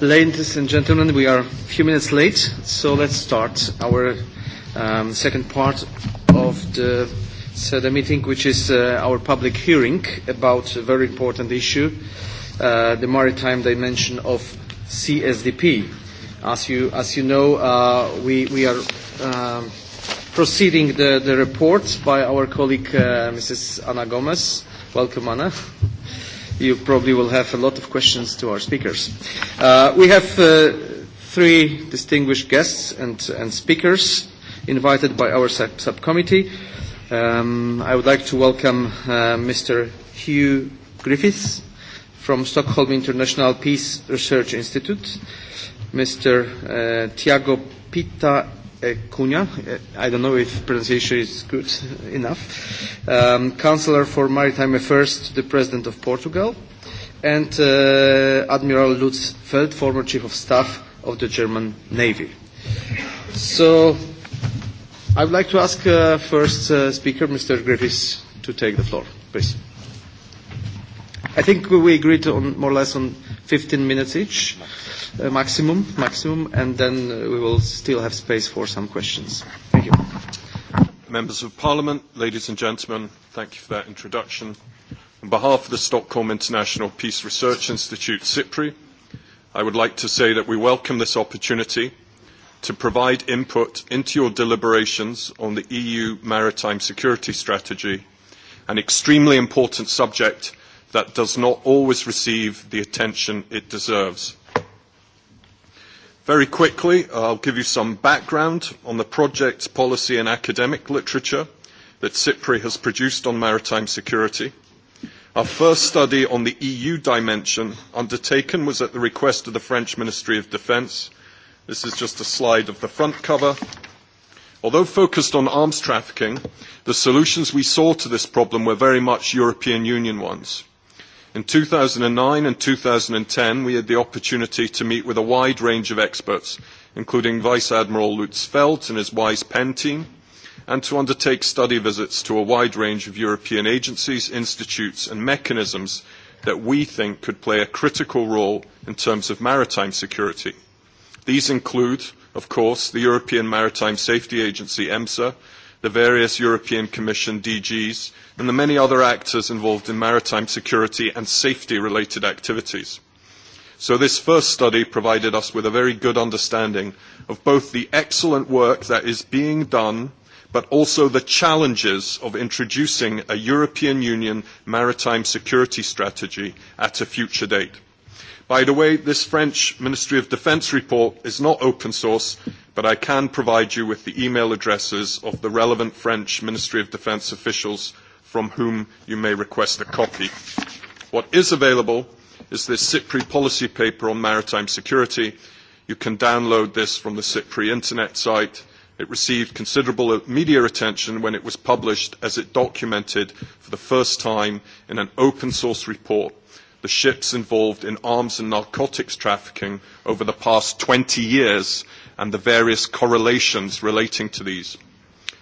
Ladies and gentlemen, we are a few minutes late, so let's start our second part of the SEDA meeting, which is uh, our public hearing about a very important issue, uh, the maritime dimension of CSDP. As you, as you know, uh, we, we are um, proceeding the, the report by our colleague, uh, Mrs. Ana Gomez. Welcome, Ana you probably will have a lot of questions to our speakers. Uh, we have uh, three distinguished guests and, and speakers invited by our sub- subcommittee. Um, I would like to welcome uh, Mr. Hugh Griffiths from Stockholm International Peace Research Institute, Mr. Uh, Tiago Pita Cunha, I don't know if pronunciation is good enough, um, Councillor for Maritime Affairs to the President of Portugal, and uh, Admiral Lutz Feld, former Chief of Staff of the German Navy. So I would like to ask uh, first uh, speaker, Mr. Griffiths, to take the floor, please. I think we agreed on more or less on 15 minutes each maximum, maximum, and then we will still have space for some questions. Thank you. Members of Parliament, ladies and gentlemen, thank you for that introduction. On behalf of the Stockholm International Peace Research Institute, SIPRI, I would like to say that we welcome this opportunity to provide input into your deliberations on the EU maritime security strategy, an extremely important subject that does not always receive the attention it deserves. Very quickly, I'll give you some background on the projects, policy and academic literature that SIPRI has produced on maritime security. Our first study on the EU dimension undertaken was at the request of the French Ministry of Defence. This is just a slide of the front cover. Although focused on arms trafficking, the solutions we saw to this problem were very much European Union ones. In 2009 and 2010, we had the opportunity to meet with a wide range of experts, including Vice Admiral Lutz Felt and his WISE PEN team, and to undertake study visits to a wide range of European agencies, institutes, and mechanisms that we think could play a critical role in terms of maritime security. These include, of course, the European Maritime Safety Agency, EMSA, the various European Commission DGs, and the many other actors involved in maritime security and safety-related activities. So this first study provided us with a very good understanding of both the excellent work that is being done, but also the challenges of introducing a European Union maritime security strategy at a future date. By the way, this French Ministry of Defence report is not open source, but I can provide you with the email addresses of the relevant French Ministry of Defence officials from whom you may request a copy. What is available is this CIPRI policy paper on maritime security. You can download this from the CIPRI internet site. It received considerable media attention when it was published as it documented for the first time in an open source report the ships involved in arms and narcotics trafficking over the past 20 years and the various correlations relating to these.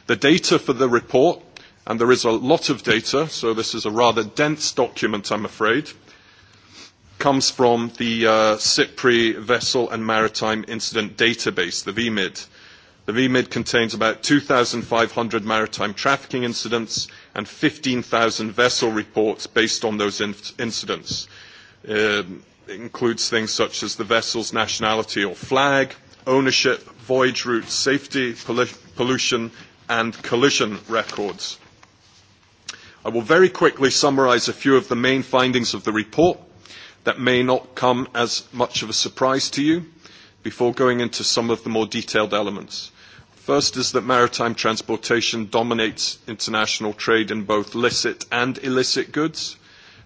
The data for the report, and there is a lot of data, so this is a rather dense document, I'm afraid, comes from the uh, CIPRI Vessel and Maritime Incident Database, the VMID The remit contains about two five hundred maritime trafficking incidents and fifteen 15,000 vessel reports based on those incidents. it includes things such as the vessel's nationality or flag, ownership, voyage route, safety, pollution, and collision records. I will very quickly summarise a few of the main findings of the report that may not come as much of a surprise to you before going into some of the more detailed elements. First is that maritime transportation dominates international trade in both licit and illicit goods,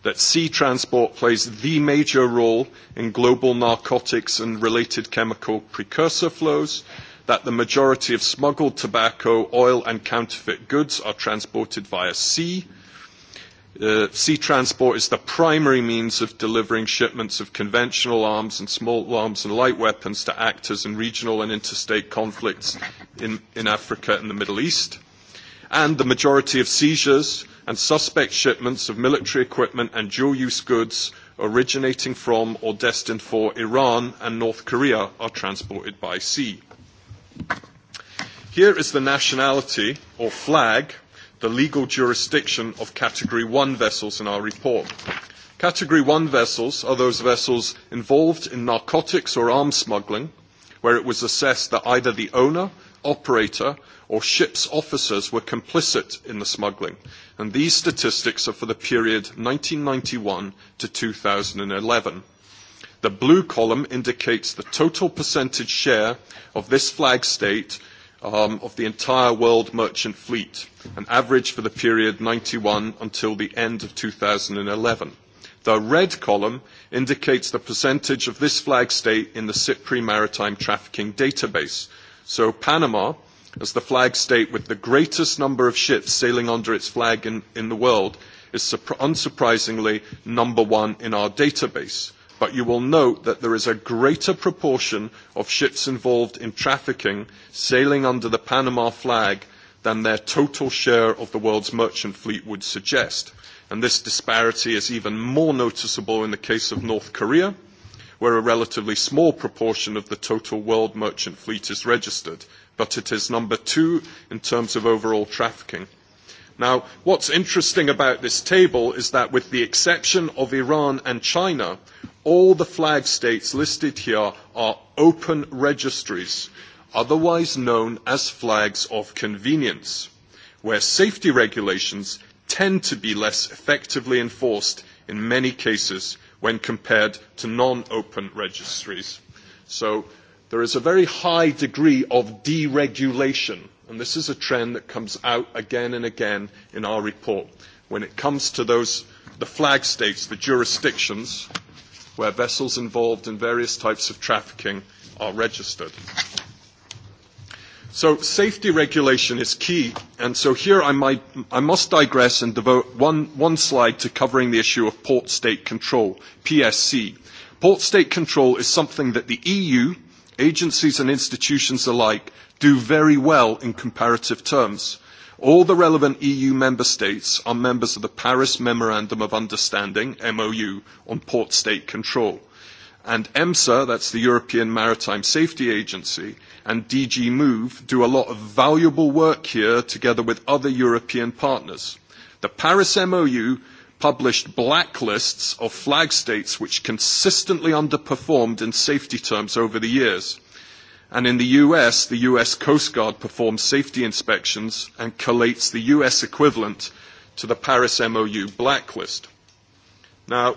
that sea transport plays the major role in global narcotics and related chemical precursor flows, that the majority of smuggled tobacco, oil and counterfeit goods are transported via sea, sea transport is the primary means of delivering shipments of conventional arms and small arms and light weapons to actors in regional and interstate conflicts in, Africa and the Middle East. And the majority of seizures and suspect shipments of military equipment and dual use goods originating from or destined for Iran and North Korea are transported by sea. Here is the nationality or flag the legal jurisdiction of Category 1 vessels in our report. Category 1 vessels are those vessels involved in narcotics or arms smuggling, where it was assessed that either the owner, operator, or ship's officers were complicit in the smuggling, and these statistics are for the period ninety one to 2011. The blue column indicates the total percentage share of this flag state of the entire world merchant fleet, an average for the period one until the end of 2011. The red column indicates the percentage of this flag state in the CIPRI Maritime Trafficking Database. So Panama, as the flag state with the greatest number of ships sailing under its flag in, the world, is unsurprisingly number one in our database but you will note that there is a greater proportion of ships involved in trafficking sailing under the Panama flag than their total share of the world's merchant fleet would suggest. And this disparity is even more noticeable in the case of North Korea, where a relatively small proportion of the total world merchant fleet is registered, but it is number two in terms of overall trafficking. Now, what's interesting about this table is that with the exception of Iran and China, all the flag states listed here are open registries, otherwise known as flags of convenience, where safety regulations tend to be less effectively enforced in many cases when compared to non-open registries. So there is a very high degree of deregulation And this is a trend that comes out again and again in our report. When it comes to those, the flag states, the jurisdictions where vessels involved in various types of trafficking are registered. So safety regulation is key, and so here I, might, I must digress and devote one, one slide to covering the issue of port state control, PSC. Port state control is something that the EU Agencies and institutions alike do very well in comparative terms. All the relevant EU member states are members of the Paris Memorandum of Understanding, MOU, on port state control. And EMSA, that's the European Maritime Safety Agency, and DG Move do a lot of valuable work here together with other European partners. The Paris MOU published blacklists of flag states which consistently underperformed in safety terms over the years. And in the US, the US Coast Guard performs safety inspections and collates the US equivalent to the Paris MOU blacklist. Now,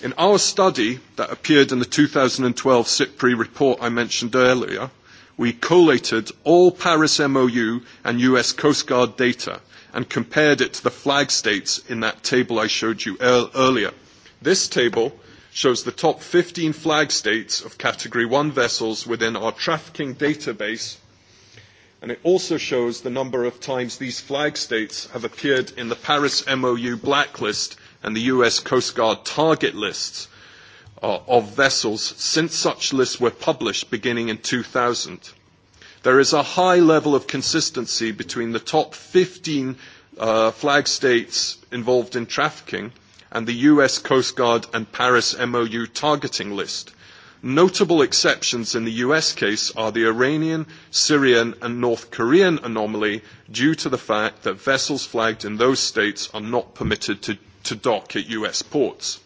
in our study that appeared in the 2012 CIPRI report I mentioned earlier, we collated all Paris MOU and US Coast Guard data – and compared it to the flag states in that table I showed you earlier. This table shows the top 15 flag states of Category 1 vessels within our trafficking database, and it also shows the number of times these flag states have appeared in the Paris MOU blacklist and the US Coast Guard target lists of vessels since such lists were published beginning in 2000. There is a high level of consistency between the top 15 uh, flag states involved in trafficking and the US Coast Guard and Paris MOU targeting list. Notable exceptions in the US case are the Iranian, Syrian, and North Korean anomaly due to the fact that vessels flagged in those states are not permitted to, to dock at US ports.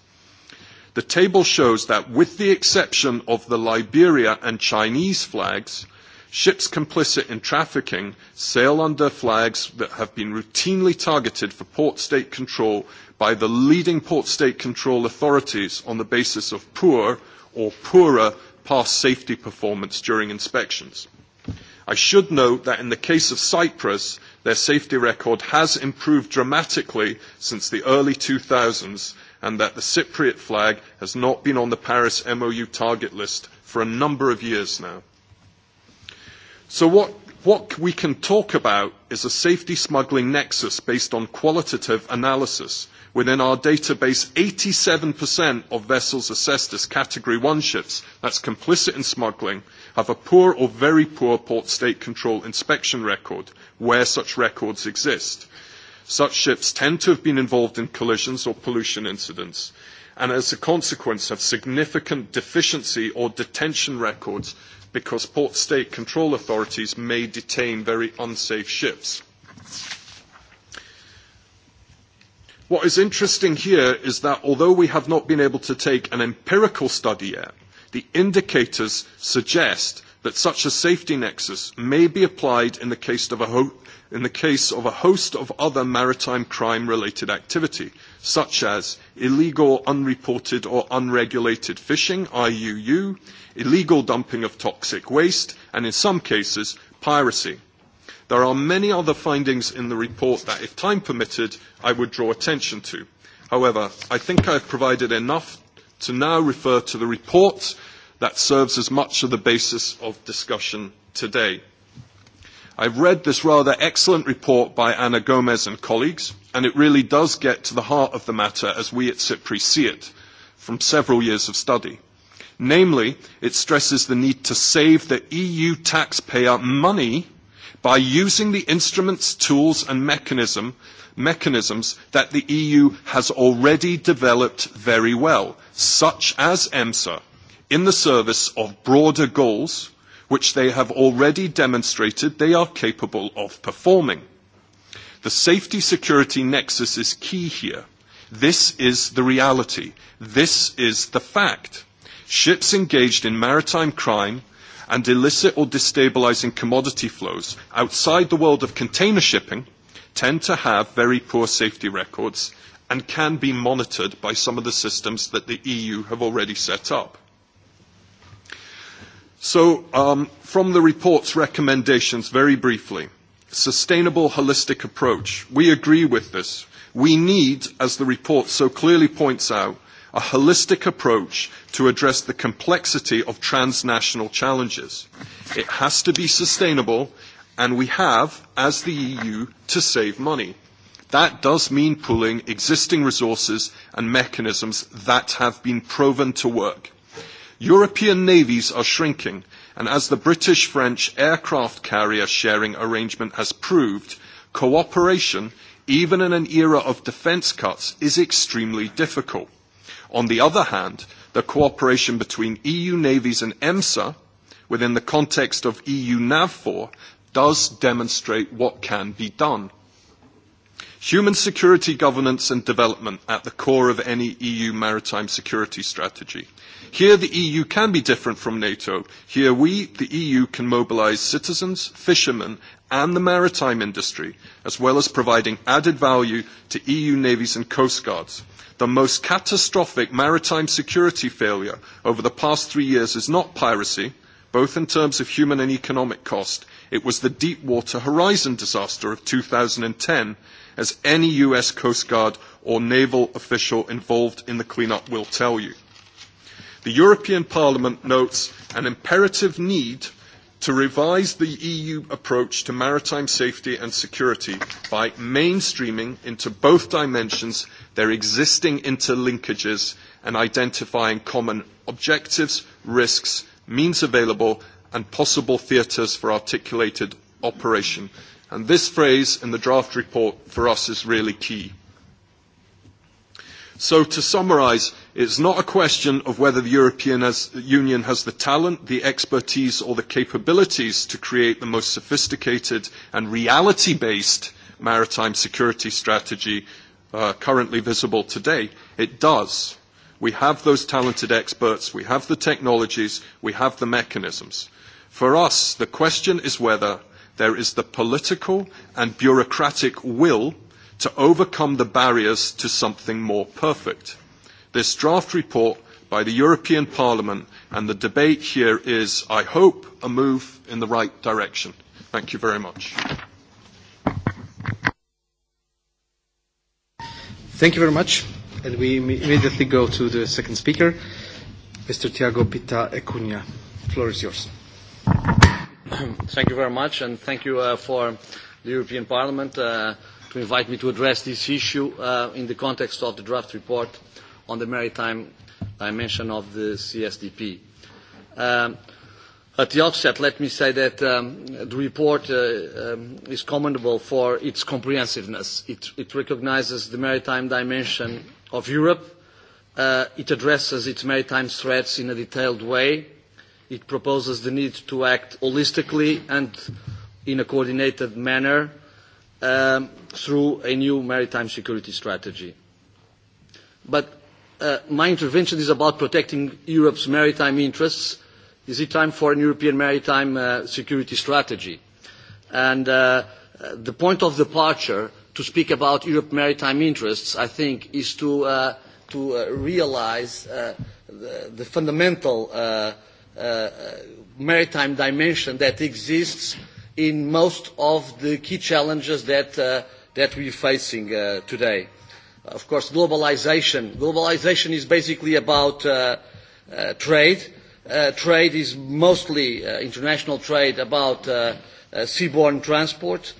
The table shows that with the exception of the Liberia and Chinese flags, Ships complicit in trafficking sail under flags that have been routinely targeted for port state control by the leading port state control authorities on the basis of poor or poorer past safety performance during inspections. I should note that in the case of Cyprus, their safety record has improved dramatically since the early 2000s and that the Cypriot flag has not been on the Paris MOU target list for a number of years now. So what What we can talk about is a safety smuggling nexus based on qualitative analysis. Within our database, 87% of vessels assessed as Category 1 ships, that's complicit in smuggling, have a poor or very poor port state control inspection record, where such records exist. Such ships tend to have been involved in collisions or pollution incidents, and as a consequence have significant deficiency or detention records because port state control authorities may detain very unsafe ships. What is interesting here is that although we have not been able to take an empirical study yet, the indicators suggest that such a safety nexus may be applied in the case of a, host of other maritime crime related activity, such as illegal, unreported or unregulated fishing, IUU, illegal dumping of toxic waste, and in some cases, piracy. There are many other findings in the report that, if time permitted, I would draw attention to. However, I think I have provided enough to now refer to the report that serves as much of the basis of discussion today. I have read this rather excellent report by Ana Gomes and colleagues, and it really does get to the heart of the matter as we at CIPRI see it from several years of study. Namely, it stresses the need to save the EU taxpayer money by using the instruments, tools and mechanisms that the EU has already developed very well, such as EMSA, in the service of broader goals which they have already demonstrated they are capable of performing. The safety security nexus is key here. This is the reality. This is the fact. Ships engaged in maritime crime and illicit or destabilising commodity flows outside the world of container shipping tend to have very poor safety records and can be monitored by some of the systems that the EU have already set up. So, um, from the report's recommendations, very briefly, sustainable holistic approach. We agree with this. We need, as the report so clearly points out, a holistic approach to address the complexity of transnational challenges. It has to be sustainable, and we have, as the EU, to save money. That does mean pooling existing resources and mechanisms that have been proven to work. European navies are shrinking, and as the British-French aircraft carrier sharing arrangement has proved, cooperation, even in an era of defence cuts, is extremely difficult. On the other hand, the cooperation between EU navies and EMSA, within the context of EU NAVFOR, does demonstrate what can be done. Human security governance and development at the core of any EU maritime security strategy – Here the EU can be different from NATO. Here we, the EU, can mobilise citizens, fishermen and the maritime industry, as well as providing added value to EU navies and coastguards. The most catastrophic maritime security failure over the past three years is not piracy, both in terms of human and economic cost. It was the Deepwater Horizon disaster of 2010, as any US Coast Guard or naval official involved in the clean up will tell you. The European Parliament notes an imperative need to revise the EU approach to maritime safety and security by mainstreaming into both dimensions their existing interlinkages and identifying common objectives, risks, means available, and possible theatres for articulated operation. And this phrase in the draft report for us is really key. So to summarise, It is not a question of whether the European Union has the talent, the expertise, or the capabilities to create the most sophisticated and reality-based maritime security strategy currently visible today. It does. We have those talented experts, we have the technologies, we have the mechanisms. For us, the question is whether there is the political and bureaucratic will to overcome the barriers to something more perfect This draft report by the European Parliament and the debate here is, I hope, a move in the right direction. Thank you very much. Thank you very much. And we immediately go to the second speaker, Mr. Tiago Pita Ecunia. The floor is yours. Thank you very much, and thank you uh, for the European Parliament uh, to invite me to address this issue uh, in the context of the draft report on the maritime dimension of the CSDP. Um, at the outset, let me say that um, the report uh, um, is commendable for its comprehensiveness. It, it recognizes the maritime dimension of Europe. Uh, it addresses its maritime threats in a detailed way. It proposes the need to act holistically and in a coordinated manner um, through a new maritime security strategy. But my intervention is about protecting Europe's maritime interests. Is it time for a European maritime security strategy? And the point of departure to speak about Europe's maritime interests, I think, is to, realise the, fundamental maritime dimension that exists in most of the key challenges that, we are facing today Of course, globalization. Globalization is basically about uh, uh, trade. Uh, trade is mostly uh, international trade about uh, uh, seaborne transport.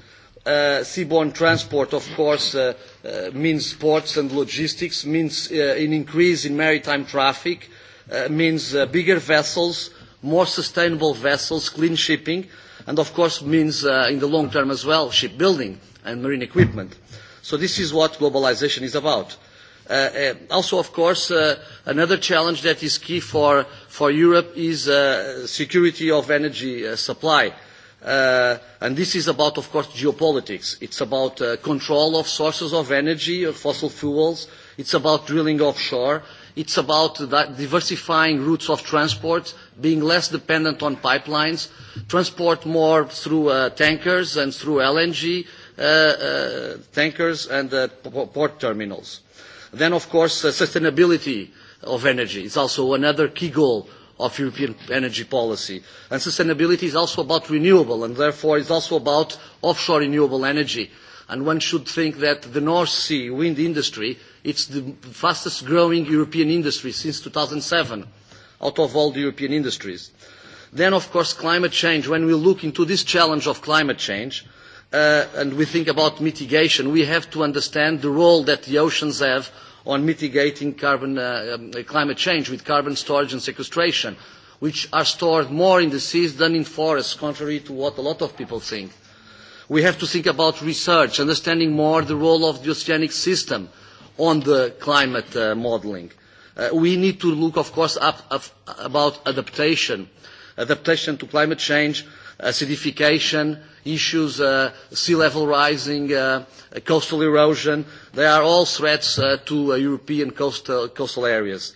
Uh, seaborne transport, of course, uh, uh, means ports and logistics, means uh, an increase in maritime traffic, uh, means uh, bigger vessels, more sustainable vessels, clean shipping, and of course means uh, in the long term as well shipbuilding and marine equipment. So this is what globalization is about. Uh, uh, also, of course, uh, another challenge that is key for, for Europe is uh, security of energy uh, supply. Uh, and this is about, of course, geopolitics. It's about uh, control of sources of energy, of fossil fuels. It's about drilling offshore. It's about that diversifying routes of transport, being less dependent on pipelines, transport more through uh, tankers and through LNG, tankers and port terminals. Then, of course, sustainability of energy is also another key goal of European energy policy. And sustainability is also about renewable, and therefore is also about offshore renewable energy. And one should think that the North Sea wind industry, is the fastest growing European industry since two thousand seven, out of all the European industries. Then, of course, climate change. When we look into this challenge of climate change, and we think about mitigation, we have to understand the role that the oceans have on mitigating carbon, uh, um, climate change with carbon storage and sequestration, which are stored more in the seas than in forests, contrary to what a lot of people think. We have to think about research, understanding more the role of the oceanic system on the climate uh, modeling. Uh, we need to look, of course, up, up about adaptation, adaptation to climate change, acidification, issues, uh, sea level rising, uh, coastal erosion, they are all threats uh, to uh, European coastal, coastal areas.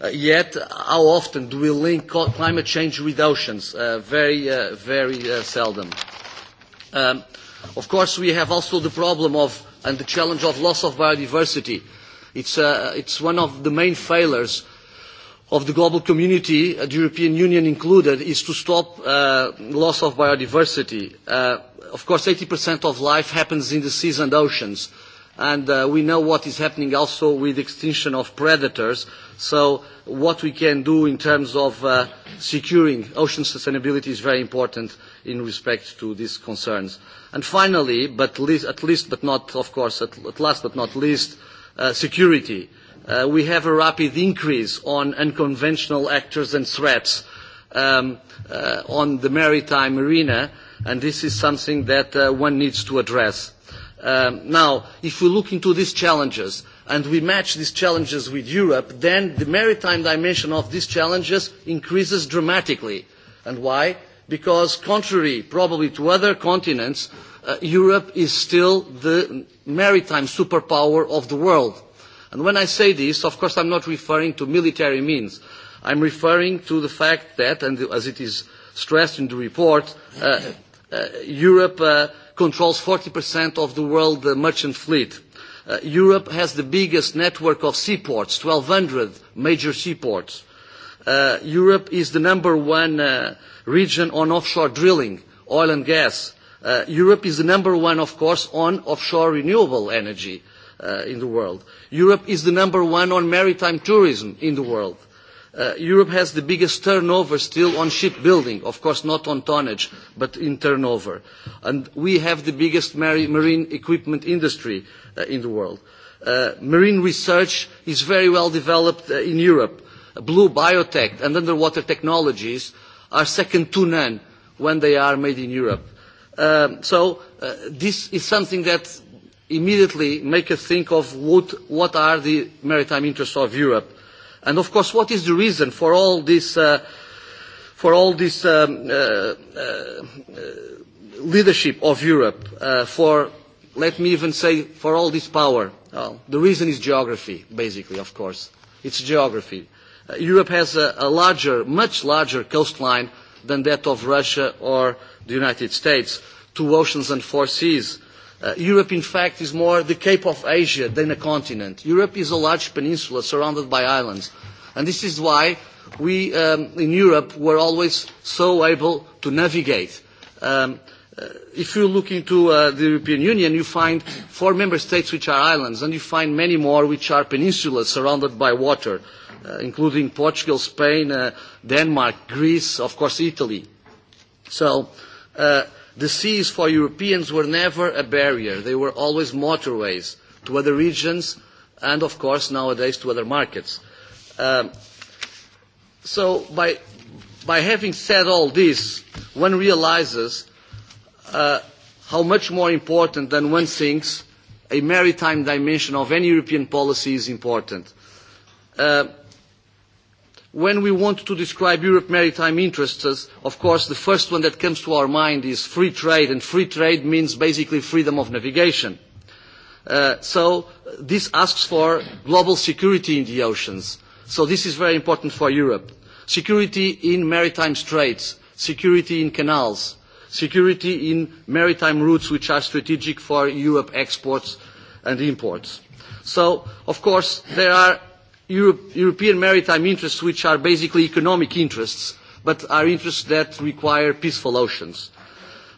Uh, yet, how often do we link climate change with oceans? Uh, very, uh, very uh, seldom. Um, of course, we have also the problem of, and the challenge of loss of biodiversity. It's, uh, it's one of the main failures of the global community, the European Union included, is to stop uh, loss of biodiversity. Uh, of course, 80% of life happens in the seas and oceans, and uh, we know what is happening also with extinction of predators. So what we can do in terms of uh, securing ocean sustainability is very important in respect to these concerns. And finally, but least, at least but not, of course, at, at last but not least, uh, security. Uh, we have a rapid increase on unconventional actors and threats um, uh, on the maritime arena, and this is something that uh, one needs to address. Um, now, if we look into these challenges and we match these challenges with Europe, then the maritime dimension of these challenges increases dramatically. And why? Because contrary probably to other continents, uh, Europe is still the maritime superpower of the world And when I say this, of course, I'm not referring to military means. I'm referring to the fact that, and as it is stressed in the report, uh, uh, Europe uh, controls 40% of the world uh, merchant fleet. Uh, Europe has the biggest network of seaports, 1,200 major seaports. Uh, Europe is the number one uh, region on offshore drilling, oil and gas. Uh, Europe is the number one, of course, on offshore renewable energy. Uh, uh, in the world. Europe is the number one on maritime tourism in the world. Uh, Europe has the biggest turnover still on shipbuilding, of course not on tonnage, but in turnover. And we have the biggest mar- marine equipment industry uh, in the world. Uh, marine research is very well developed uh, in Europe. Blue biotech and underwater technologies are second to none when they are made in Europe. Um, so uh, this is something that immediately make us think of what, what are the maritime interests of Europe. And of course, what is the reason for all this, uh, for all this um, uh, uh, leadership of Europe, uh, for, let me even say, for all this power? Well, the reason is geography, basically, of course. It's geography. Uh, Europe has a, a larger, much larger coastline than that of Russia or the United States, two oceans and four seas Europe, in fact, is more the Cape of Asia than a continent. Europe is a large peninsula surrounded by islands. And this is why we in Europe were always so able to navigate. if you look into the European Union, you find four member states which are islands, and you find many more which are peninsulas surrounded by water, including Portugal, Spain, Denmark, Greece, of course, Italy. So The seas for Europeans were never a barrier. They were always motorways to other regions and, of course, nowadays to other markets. so by, by having said all this, one realizes how much more important than one thinks a maritime dimension of any European policy is important when we want to describe Europe's maritime interests, of course, the first one that comes to our mind is free trade, and free trade means basically freedom of navigation. so this asks for global security in the oceans. So this is very important for Europe. Security in maritime straits, security in canals, security in maritime routes which are strategic for Europe exports and imports. So, of course, there are European maritime interests which are basically economic interests, but are interests that require peaceful oceans.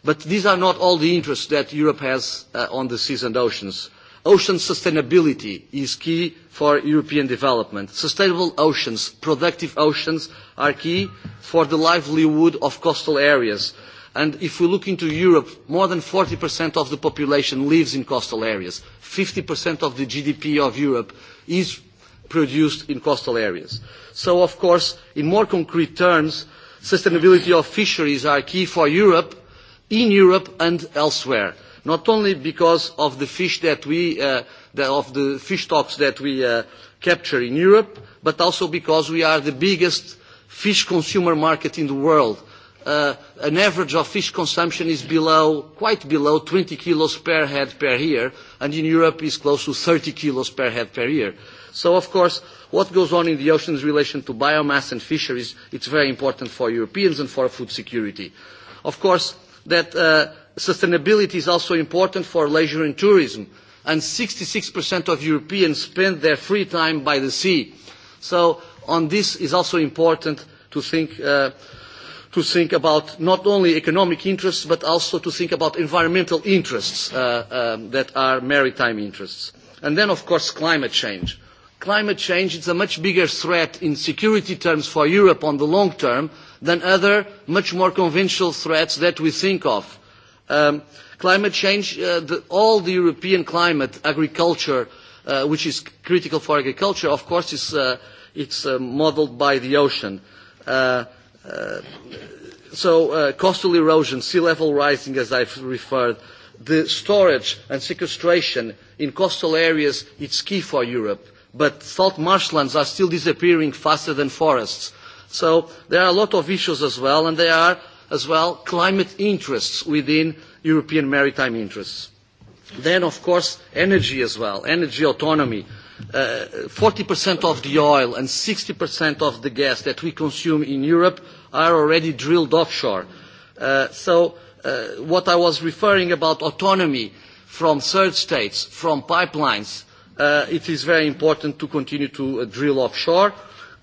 But these are not all the interests that Europe has on the seas and oceans. Ocean sustainability is key for European development. Sustainable oceans, productive oceans, are key for the livelihood of coastal areas. And if we look into Europe, more than 40% of the population lives in coastal areas. 50% of the GDP of Europe is produced in coastal areas. So, of course, in more concrete terms, sustainability of fisheries are key for Europe, in Europe and elsewhere, not only because of the fish that we, uh, the, of the fish stocks that we uh, capture in Europe, but also because we are the biggest fish consumer market in the world. Uh, an average of fish consumption is below, quite below 20 kilos per head per year, and in Europe is close to 30 kilos per head per year. So, of course, what goes on in the oceans in relation to biomass and fisheries, it's very important for Europeans and for food security. Of course, that uh, sustainability is also important for leisure and tourism, and 66% of Europeans spend their free time by the sea. So on this is also important to think, uh, to think about not only economic interests, but also to think about environmental interests uh, um, that are maritime interests. And then, of course, climate change climate change is a much bigger threat in security terms for Europe on the long term than other much more conventional threats that we think of. climate change, all the European climate, agriculture, which is critical for agriculture, of course, is it's uh, modeled by the ocean. Uh, uh, so uh, coastal erosion, sea level rising, as I've referred, the storage and sequestration in coastal areas, it's key for Europe but salt marshlands are still disappearing faster than forests. So there are a lot of issues as well, and there are as well climate interests within European maritime interests. Then, of course, energy as well, energy autonomy. Uh, 40% of the oil and 60% of the gas that we consume in Europe are already drilled offshore. Uh, so uh, what I was referring about autonomy from third states, from pipelines, it is very important to continue to drill offshore,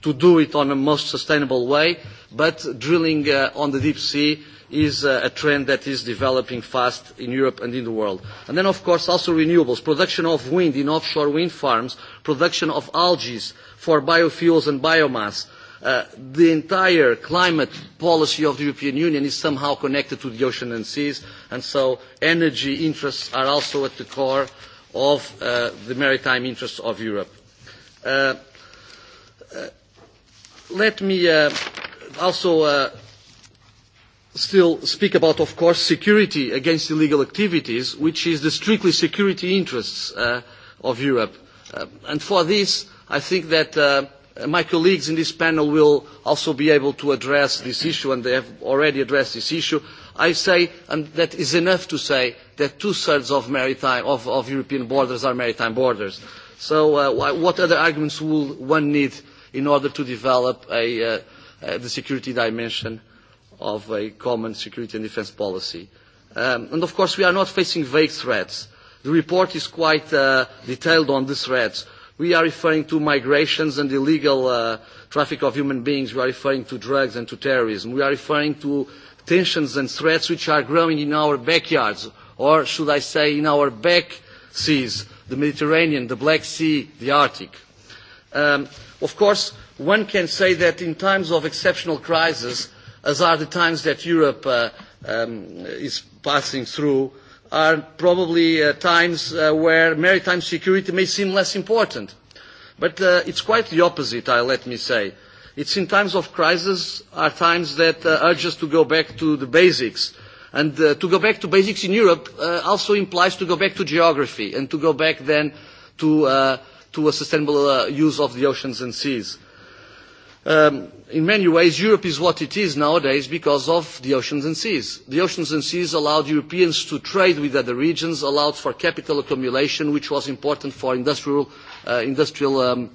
to do it on a most sustainable way, but drilling on the deep sea is a trend that is developing fast in Europe and in the world. And then, of course, also renewables, production of wind in offshore wind farms, production of algae for biofuels and biomass. the entire climate policy of the European Union is somehow connected to the ocean and seas, and so energy interests are also at the core of the maritime interests of Europe. let me also still speak about, of course, security against illegal activities, which is the strictly security interests of Europe. and for this, I think that my colleagues in this panel will also be able to address this issue, and they have already addressed this issue. I say, and that is enough to say, that two-thirds of, maritime, of, of European borders are maritime borders. So uh, what other arguments will one need in order to develop a, uh, uh, the security dimension of a common security and defence policy? Um, and of course, we are not facing vague threats. The report is quite uh, detailed on these threats. We are referring to migrations and illegal uh, traffic of human beings. We are referring to drugs and to terrorism. We are referring to tensions and threats which are growing in our backyards or should I say in our back seas, the Mediterranean, the Black Sea, the Arctic. of course, one can say that in times of exceptional crisis, as are the times that Europe is passing through, are probably times where maritime security may seem less important. But it is quite the opposite, let me say. It is in times of crisis are times that urge us to go back to the basics, And uh, to go back to basics in Europe uh, also implies to go back to geography and to go back then to, uh, to a sustainable uh, use of the oceans and seas. Um, in many ways, Europe is what it is nowadays because of the oceans and seas. The oceans and seas allowed Europeans to trade with other regions, allowed for capital accumulation, which was important for industrial, uh, industrial um,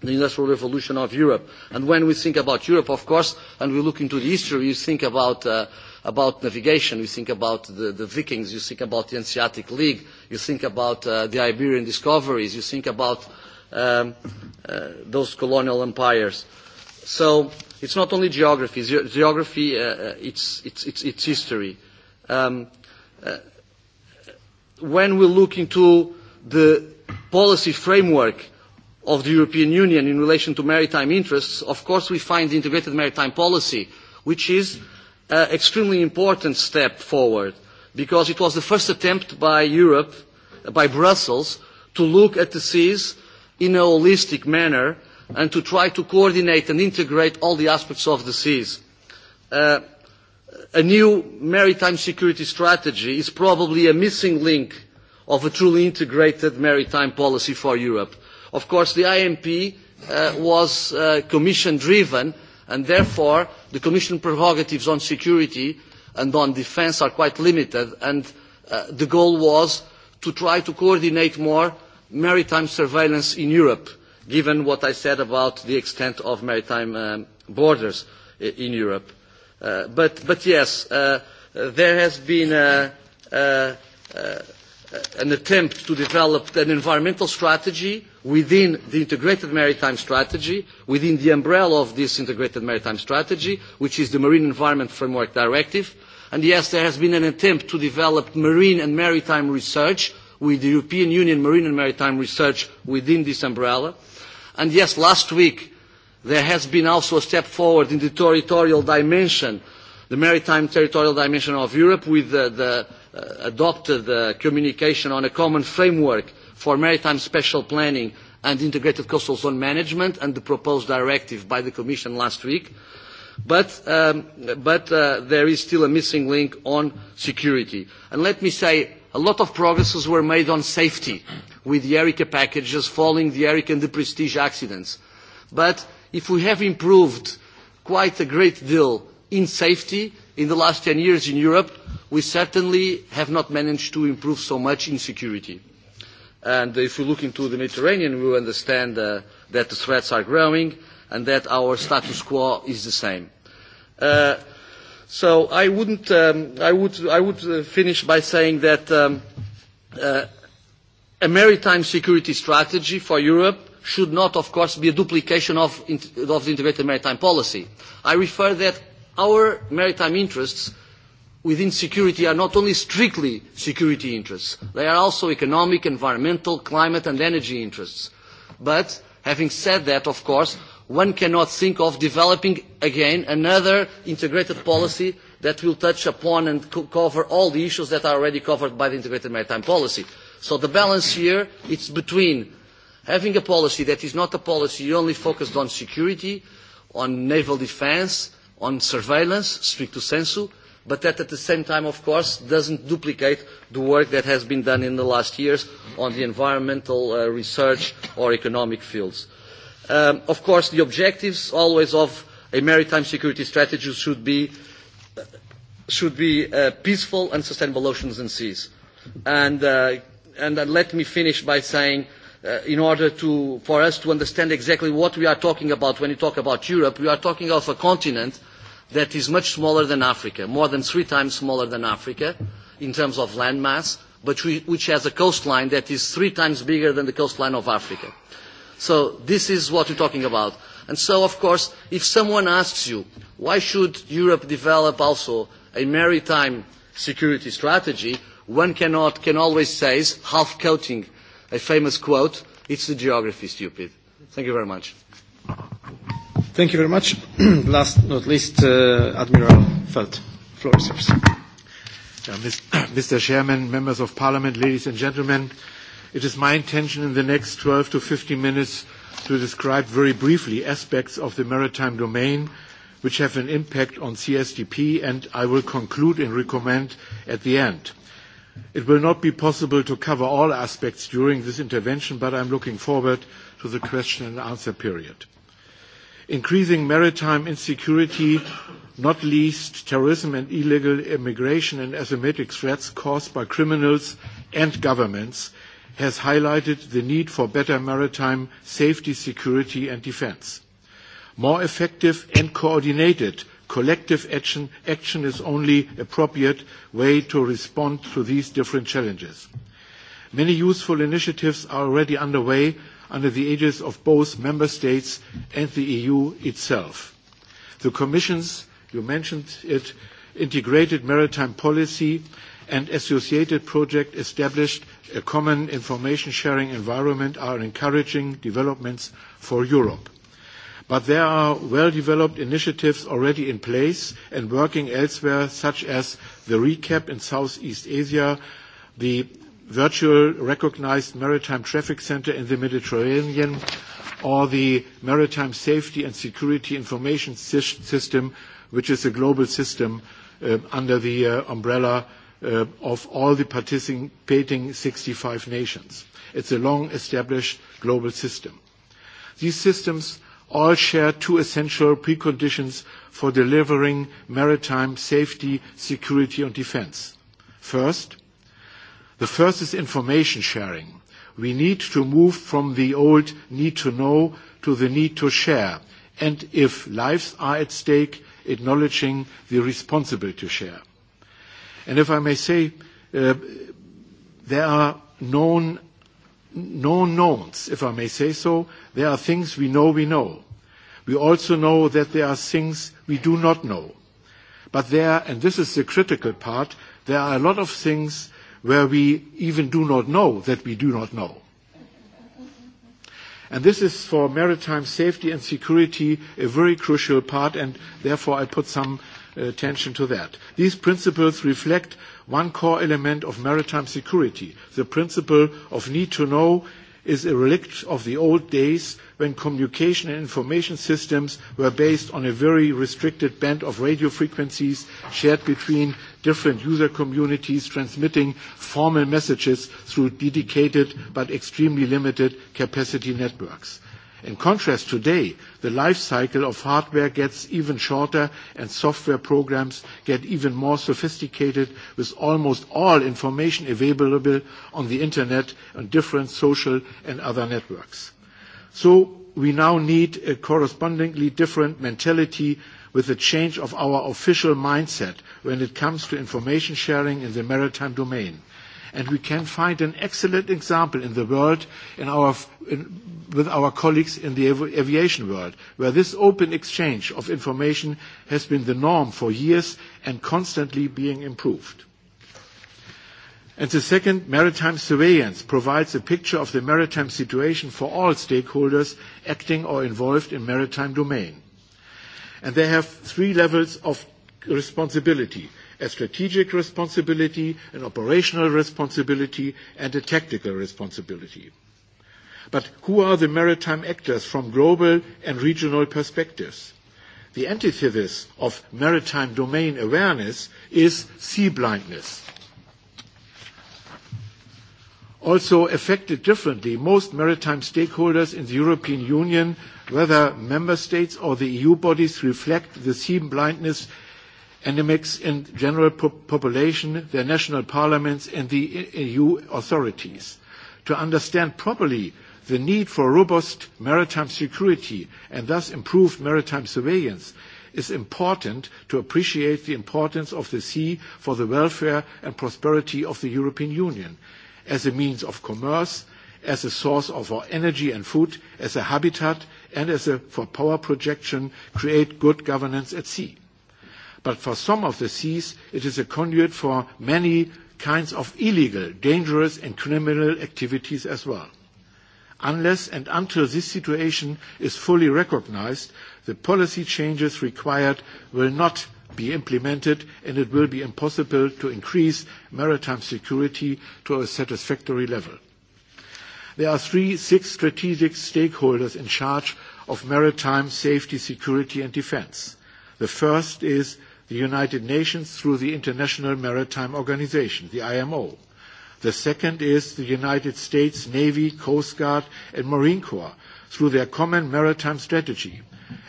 the industrial revolution of Europe. And when we think about Europe, of course, and we look into the history, we think about uh, about navigation, you think about the, the Vikings, you think about the Anseatic League, you think about uh, the Iberian discoveries, you think about um, uh, those colonial empires. So it's not only geography. Geography, uh, it's, it's, it's, it's history. Um, uh, when we look into the policy framework of the European Union in relation to maritime interests, of course we find the integrated maritime policy, which is an extremely important step forward because it was the first attempt by Europe, by Brussels, to look at the seas in a holistic manner and to try to coordinate and integrate all the aspects of the seas. Uh, a new maritime security strategy is probably a missing link of a truly integrated maritime policy for Europe. Of course, the IMP uh, was uh, commission-driven and therefore the Commission prerogatives on security and on defence are quite limited, and the goal was to try to coordinate more maritime surveillance in Europe, given what I said about the extent of maritime borders in Europe. but, yes, there has been an attempt to develop an environmental strategy within the integrated maritime strategy, within the umbrella of this integrated maritime strategy, which is the Marine Environment Framework Directive. And yes, there has been an attempt to develop marine and maritime research with the European Union marine and maritime research within this umbrella. And yes, last week there has been also a step forward in the territorial dimension the maritime territorial dimension of Europe with the, the uh, adopted uh, communication on a common framework for maritime special planning and integrated coastal zone management and the proposed directive by the Commission last week. But, um, but uh, there is still a missing link on security. And let me say, a lot of progresses were made on safety with the ERICA packages following the ERICA and the Prestige accidents. But if we have improved quite a great deal in safety in the last 10 years in Europe, we certainly have not managed to improve so much in security. And if we look into the Mediterranean, we understand uh, that the threats are growing and that our status quo is the same. Uh, so I, wouldn't, um, I would, I would uh, finish by saying that um, uh, a maritime security strategy for Europe should not, of course, be a duplication of, of the integrated maritime policy. I refer that our maritime interests within security are not only strictly security interests, they are also economic, environmental, climate and energy interests. But having said that, of course, one cannot think of developing again another integrated policy that will touch upon and cover all the issues that are already covered by the integrated maritime policy. So the balance here is between having a policy that is not a policy only focused on security, on naval defence, on surveillance, stricto sensu, but that at the same time, of course, doesn't duplicate the work that has been done in the last years on the environmental uh, research or economic fields. Um, of course, the objectives always of a maritime security strategy should be, should be uh, peaceful and sustainable oceans and seas. And, uh, and uh, let me finish by saying in order to, for us to understand exactly what we are talking about when we talk about Europe, we are talking of a continent that is much smaller than Africa, more than three times smaller than Africa in terms of land mass, but which has a coastline that is three times bigger than the coastline of Africa. So this is what we're talking about. And so, of course, if someone asks you, why should Europe develop also a maritime security strategy, one cannot, can always say, half coating a famous quote, it's the geography, stupid. Thank you very much. Thank you very much. Last but not least, uh, Admiral Feld. Floor is yours. Yeah, Mr. Chairman, members of parliament, ladies and gentlemen, it is my intention in the next 12 to 15 minutes to describe very briefly aspects of the maritime domain which have an impact on CSDP, and I will conclude and recommend at the end. It will not be possible to cover all aspects during this intervention, but I am looking forward to the question and answer period increasing maritime insecurity, not least terrorism and illegal immigration and asymmetric threats caused by criminals and governments, has highlighted the need for better maritime safety, security and defence. More effective and coordinated collective action, action is only appropriate way to respond to these different challenges. Many useful initiatives are already underway under the aegis of both member states and the EU itself. The Commission's, you mentioned it, integrated maritime policy and associated project established a common information sharing environment are encouraging developments for Europe. But there are well-developed initiatives already in place and working elsewhere, such as the RECAP in Southeast Asia, the virtual recognized maritime traffic center in the Mediterranean or the maritime safety and security information system, which is a global system under the umbrella of all the participating sixty five nations. It's a long-established global system. These systems all share two essential preconditions for delivering maritime safety, security, and defence. First, The first is information sharing. We need to move from the old need to know to the need to share. And if lives are at stake, acknowledging the responsibility to share. And if I may say, uh, there are known, known knowns, if I may say so. There are things we know we know. We also know that there are things we do not know. But there, and this is the critical part, there are a lot of things where we even do not know that we do not know. And this is for maritime safety and security a very crucial part, and therefore I put some attention to that. These principles reflect one core element of maritime security, the principle of need to know is a relic of the old days when communication and information systems were based on a very restricted band of radio frequencies shared between different user communities transmitting formal messages through dedicated but extremely limited capacity networks. In contrast, today, the life cycle of hardware gets even shorter and software programs get even more sophisticated with almost all information available on the internet and different social and other networks. So we now need a correspondingly different mentality with a change of our official mindset when it comes to information sharing in the maritime domain. And we can find an excellent example in the world in our, in, with our colleagues in the aviation world, where this open exchange of information has been the norm for years and constantly being improved. And the second, maritime surveillance provides a picture of the maritime situation for all stakeholders acting or involved in maritime domain. And they have three levels of responsibility a strategic responsibility, an operational responsibility, and a tactical responsibility. But who are the maritime actors from global and regional perspectives? The antithesis of maritime domain awareness is sea blindness. Also affected differently, most maritime stakeholders in the European Union, whether member states or the EU bodies, reflect the sea blindness endemics in general population, their national parliaments and the EU authorities. To understand properly the need for robust maritime security and thus improved maritime surveillance is important to appreciate the importance of the sea for the welfare and prosperity of the European Union, as a means of commerce, as a source of our energy and food, as a habitat, and as a for power projection, create good governance at sea. But for some of the seas, it is a conduit for many kinds of illegal, dangerous and criminal activities as well. Unless and until this situation is fully recognised, the policy changes required will not be implemented and it will be impossible to increase maritime security to a satisfactory level. There are three, six strategic stakeholders in charge of maritime safety, security and defence. The first is the United Nations through the International Maritime Organization, the IMO. The second is the United States Navy, Coast Guard, and Marine Corps through their common maritime strategy,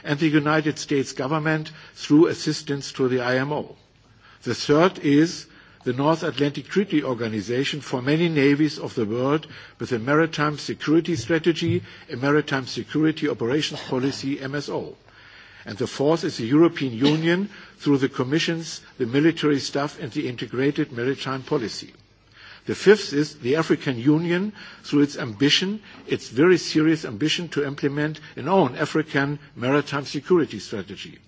and the United States government through assistance to the IMO. The third is the North Atlantic Treaty Organization for many navies of the world with a maritime security strategy, a maritime security operations policy, MSO. And the fourth is the European Union through the Commission's, the military staff and the integrated maritime policy. The fifth is the African Union through its ambition, its very serious ambition to implement an own African maritime security strategy.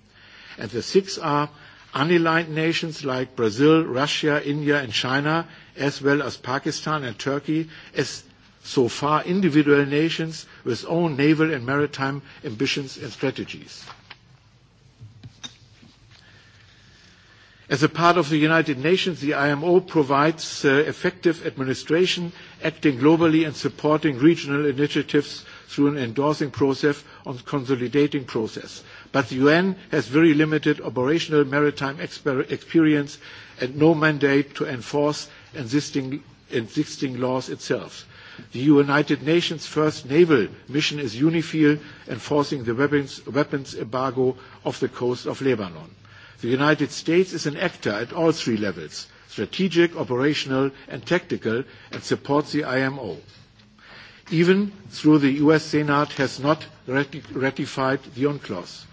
And the sixth are unaligned nations like Brazil, Russia, India and China, as well as Pakistan and Turkey, as so far individual nations with own naval and maritime ambitions and strategies. As a part of the United Nations, the IMO provides effective administration, acting globally and supporting regional initiatives through an endorsing process on consolidating process. But the UN has very limited operational maritime experience and no mandate to enforce existing, existing laws itself. The United Nations' first naval mission is UNIFIL, enforcing the weapons, weapons embargo off the coast of Lebanon. The United States is an actor at all three levels strategic, operational, and tactical and supports the IMO. Even through the US Senate has not ratified the UN clause.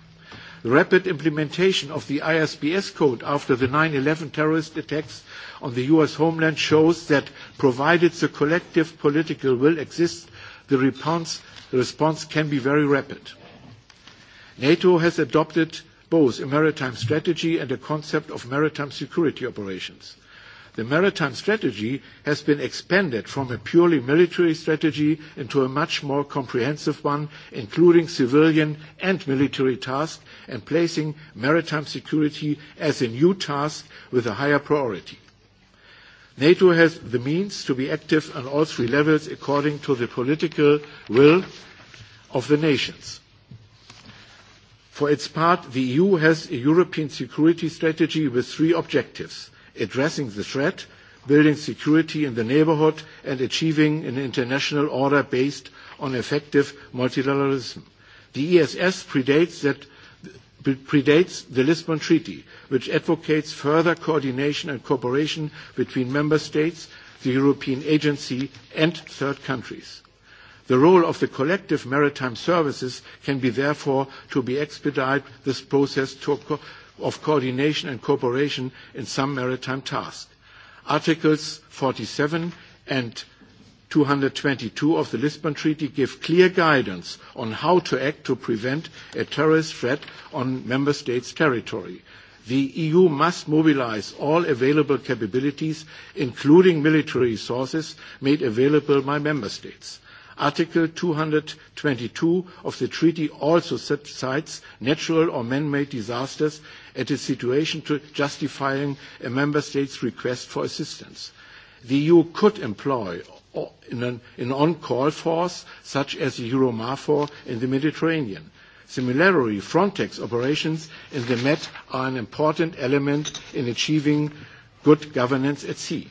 The rapid implementation of the ISBS code after the 9-11 terrorist attacks on the US homeland shows that provided the collective political will exists, the response, the response can be very rapid. NATO has adopted both a maritime strategy and a concept of maritime security operations. The maritime strategy has been expanded from a purely military strategy into a much more comprehensive one, including civilian and military tasks, and placing maritime security as a new task with a higher priority. NATO has the means to be active on all three levels according to the political will of the nations. For its part, the EU has a European security strategy with three objectives addressing the threat, building security in the neighbourhood, and achieving an international order based on effective multilateralism. The ESS predates, that, predates the Lisbon Treaty, which advocates further coordination and cooperation between member states, the European agency, and third countries. The role of the collective maritime services can be therefore to be expedite this process of coordination and cooperation in some maritime tasks. Articles forty seven and two hundred twenty two of the Lisbon Treaty give clear guidance on how to act to prevent a terrorist threat on member states' territory. The EU must mobilise all available capabilities, including military resources made available by member states. Article 222 of the treaty also cites natural or man-made disasters as a situation justifying a member state's request for assistance. The EU could employ an on-call force such as the EUROMAFOR in the Mediterranean. Similarly, Frontex operations in the MET are an important element in achieving good governance at sea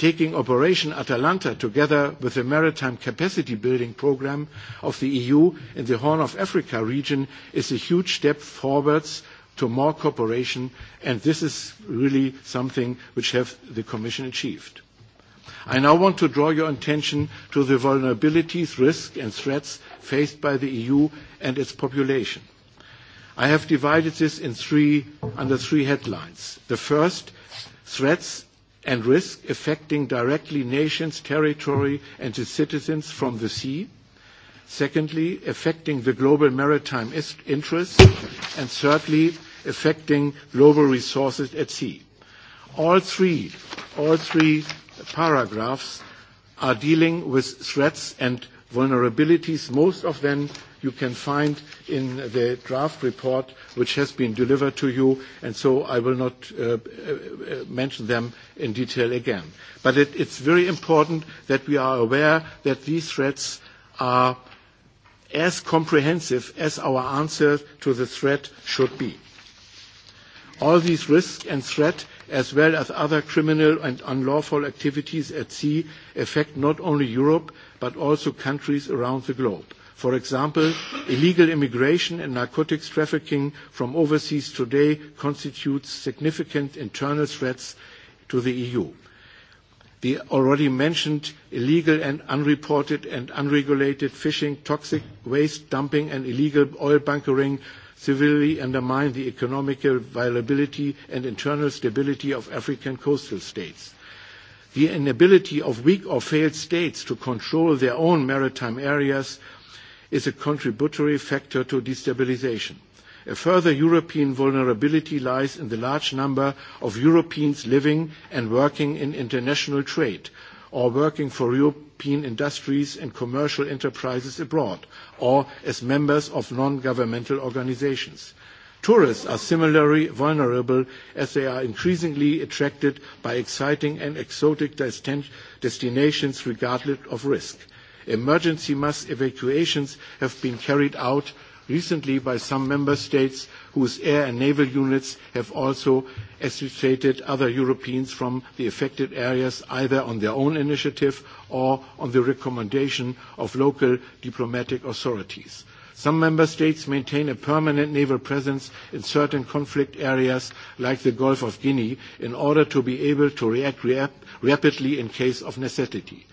taking Operation Atalanta together with the maritime capacity building programme of the EU in the Horn of Africa region is a huge step forwards to more cooperation, and this is really something which have the Commission achieved. I now want to draw your attention to the vulnerabilities, risks, and threats faced by the EU and its population. I have divided this in three, under three headlines. The first, threats and risk affecting directly nations, territory, and its citizens from the sea. Secondly, affecting the global maritime interests. And thirdly, affecting global resources at sea. All three, all three paragraphs are dealing with threats and vulnerabilities. Most of them you can find in the draft report which has been delivered to you, and so I will not mention them in detail again. But it, it's very important that we are aware that these threats are as comprehensive as our answer to the threat should be. All these risks and threats as well as other criminal and unlawful activities at sea affect not only Europe, but also countries around the globe. For example, illegal immigration and narcotics trafficking from overseas today constitutes significant internal threats to the EU. The already mentioned illegal and unreported and unregulated fishing, toxic waste dumping, and illegal oil bunkering severely undermine the economic viability and internal stability of African coastal states. The inability of weak or failed states to control their own maritime areas is a contributory factor to destabilisation. A further European vulnerability lies in the large number of Europeans living and working in international trade, or working for European industries and commercial enterprises abroad, or as members of non-governmental organisations. Tourists are similarly vulnerable as they are increasingly attracted by exciting and exotic destinations regardless of risk. Emergency mass evacuations have been carried out recently by some member states whose air and naval units have also extricated other Europeans from the affected areas either on their own initiative or on the recommendation of local diplomatic authorities. Some member states maintain a permanent naval presence in certain conflict areas like the Gulf of Guinea in order to be able to react rapidly in case of necessity.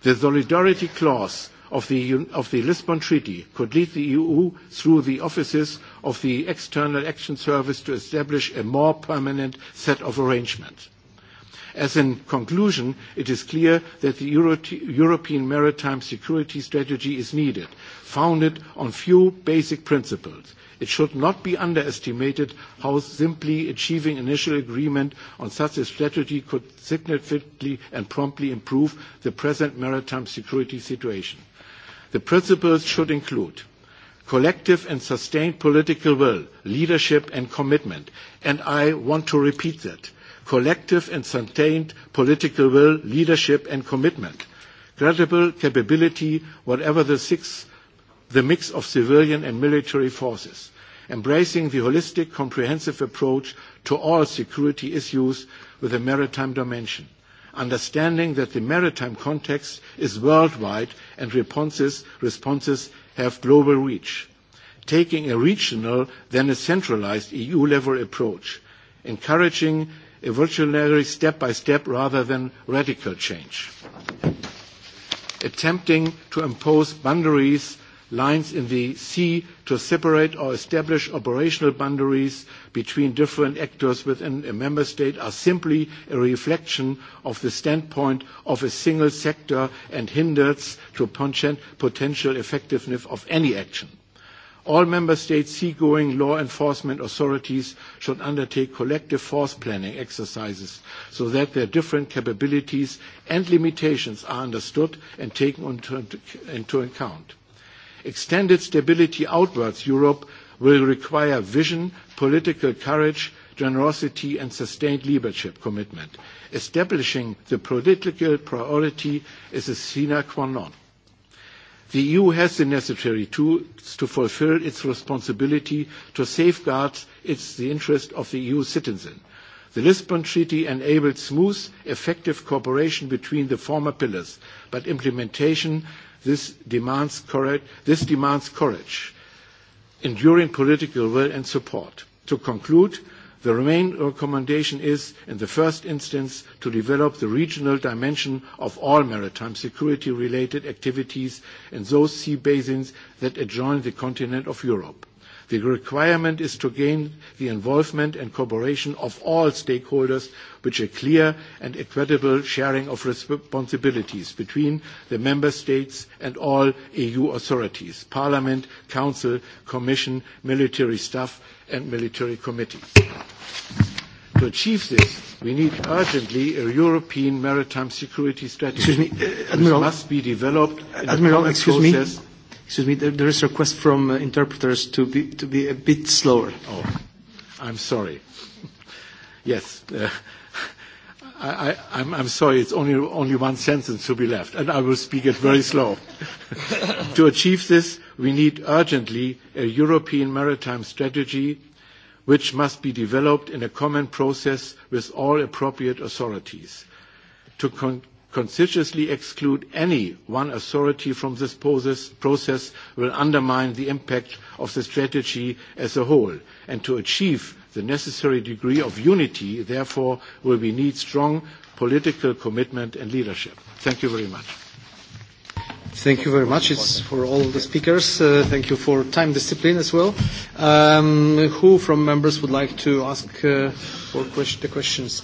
The solidarity clause of the, Lisbon Treaty could lead the EU through the offices of the External Action Service to establish a more permanent set of arrangements. As in conclusion, it is clear that the European maritime security strategy is needed, founded on few basic principles. It should not be underestimated how simply achieving initial agreement on such a strategy could significantly and promptly improve the present maritime security situation. The principles should include collective and sustained political will, leadership and commitment. And I want to repeat that. Collective and sustained political will, leadership and commitment. Credible capability, whatever the six, the mix of civilian and military forces. Embracing the holistic, comprehensive approach to all security issues with a maritime dimension understanding that the maritime context is worldwide and responses have global reach, taking a regional, then a centralised EU-level approach, encouraging a evolutionary step-by-step rather than radical change. Attempting to impose boundaries lines in the sea to separate or establish operational boundaries between different actors within a member state are simply a reflection of the standpoint of a single sector and hinders to potential effectiveness of any action. All member state seagoing law enforcement authorities should undertake collective force planning exercises so that their different capabilities and limitations are understood and taken into account Extended stability outwards Europe will require vision, political courage, generosity and sustained leadership commitment. Establishing the political priority is a sine qua non. The EU has the necessary tools to fulfil its responsibility to safeguard its, the interest of the EU citizen. The Lisbon Treaty enabled smooth, effective cooperation between the former pillars, but implementation This demands courage. This demands courage, enduring political will and support. To conclude, the Remain recommendation is, in the first instance, to develop the regional dimension of all maritime security-related activities in those sea basins that adjoin the continent of Europe The requirement is to gain the involvement and cooperation of all stakeholders, which a clear and equitable sharing of responsibilities between the member states and all EU authorities, Parliament, Council, Commission, military staff, and military committees. To achieve this, we need urgently a European maritime security strategy, which must be developed in a common process Excuse me, there, there is a request from uh, interpreters to be, to be a bit slower. Oh, I'm sorry. yes, uh, I, I, I'm, I'm sorry, it's only, only one sentence to be left, and I will speak it very slow. to achieve this, we need urgently a European maritime strategy which must be developed in a common process with all appropriate authorities. To con- conscientiously exclude any one authority from this process will undermine the impact of the strategy as a whole, and to achieve the necessary degree of unity, therefore, will we need strong political commitment and leadership. Thank you very much. Thank you very much. It's for all the speakers. Uh, thank you for time discipline as well. Um, who from members would like to ask uh, for question, the questions?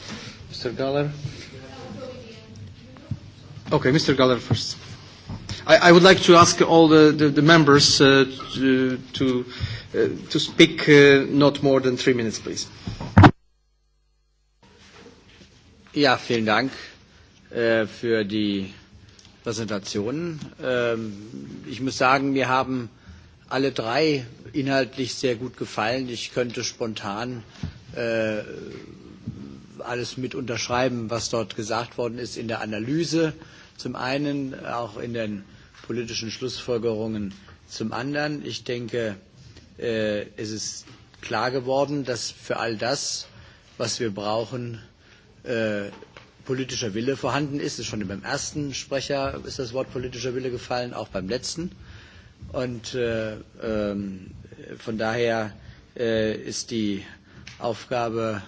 Mr. Galler. Okay, Mr. Galler first. I, I would like to ask all the, the, the members uh, to, to, uh, to speak uh, not more than three minutes, please. Ja, vielen Dank äh, für die Präsentation. Ähm, ich muss sagen, mir haben alle drei inhaltlich sehr gut gefallen. Ich könnte spontan äh, alles mit unterschreiben, was dort gesagt worden ist in der Analyse. Äh, zum einen, auch in den politischen Schlussfolgerungen zum anderen. Ich denke, äh, es ist klar geworden, dass für all das, was wir brauchen, äh, politischer Wille vorhanden ist. ist schon beim ersten Sprecher ist das Wort politischer Wille gefallen, auch beim letzten. Und äh, ähm, von daher äh, ist die Aufgabe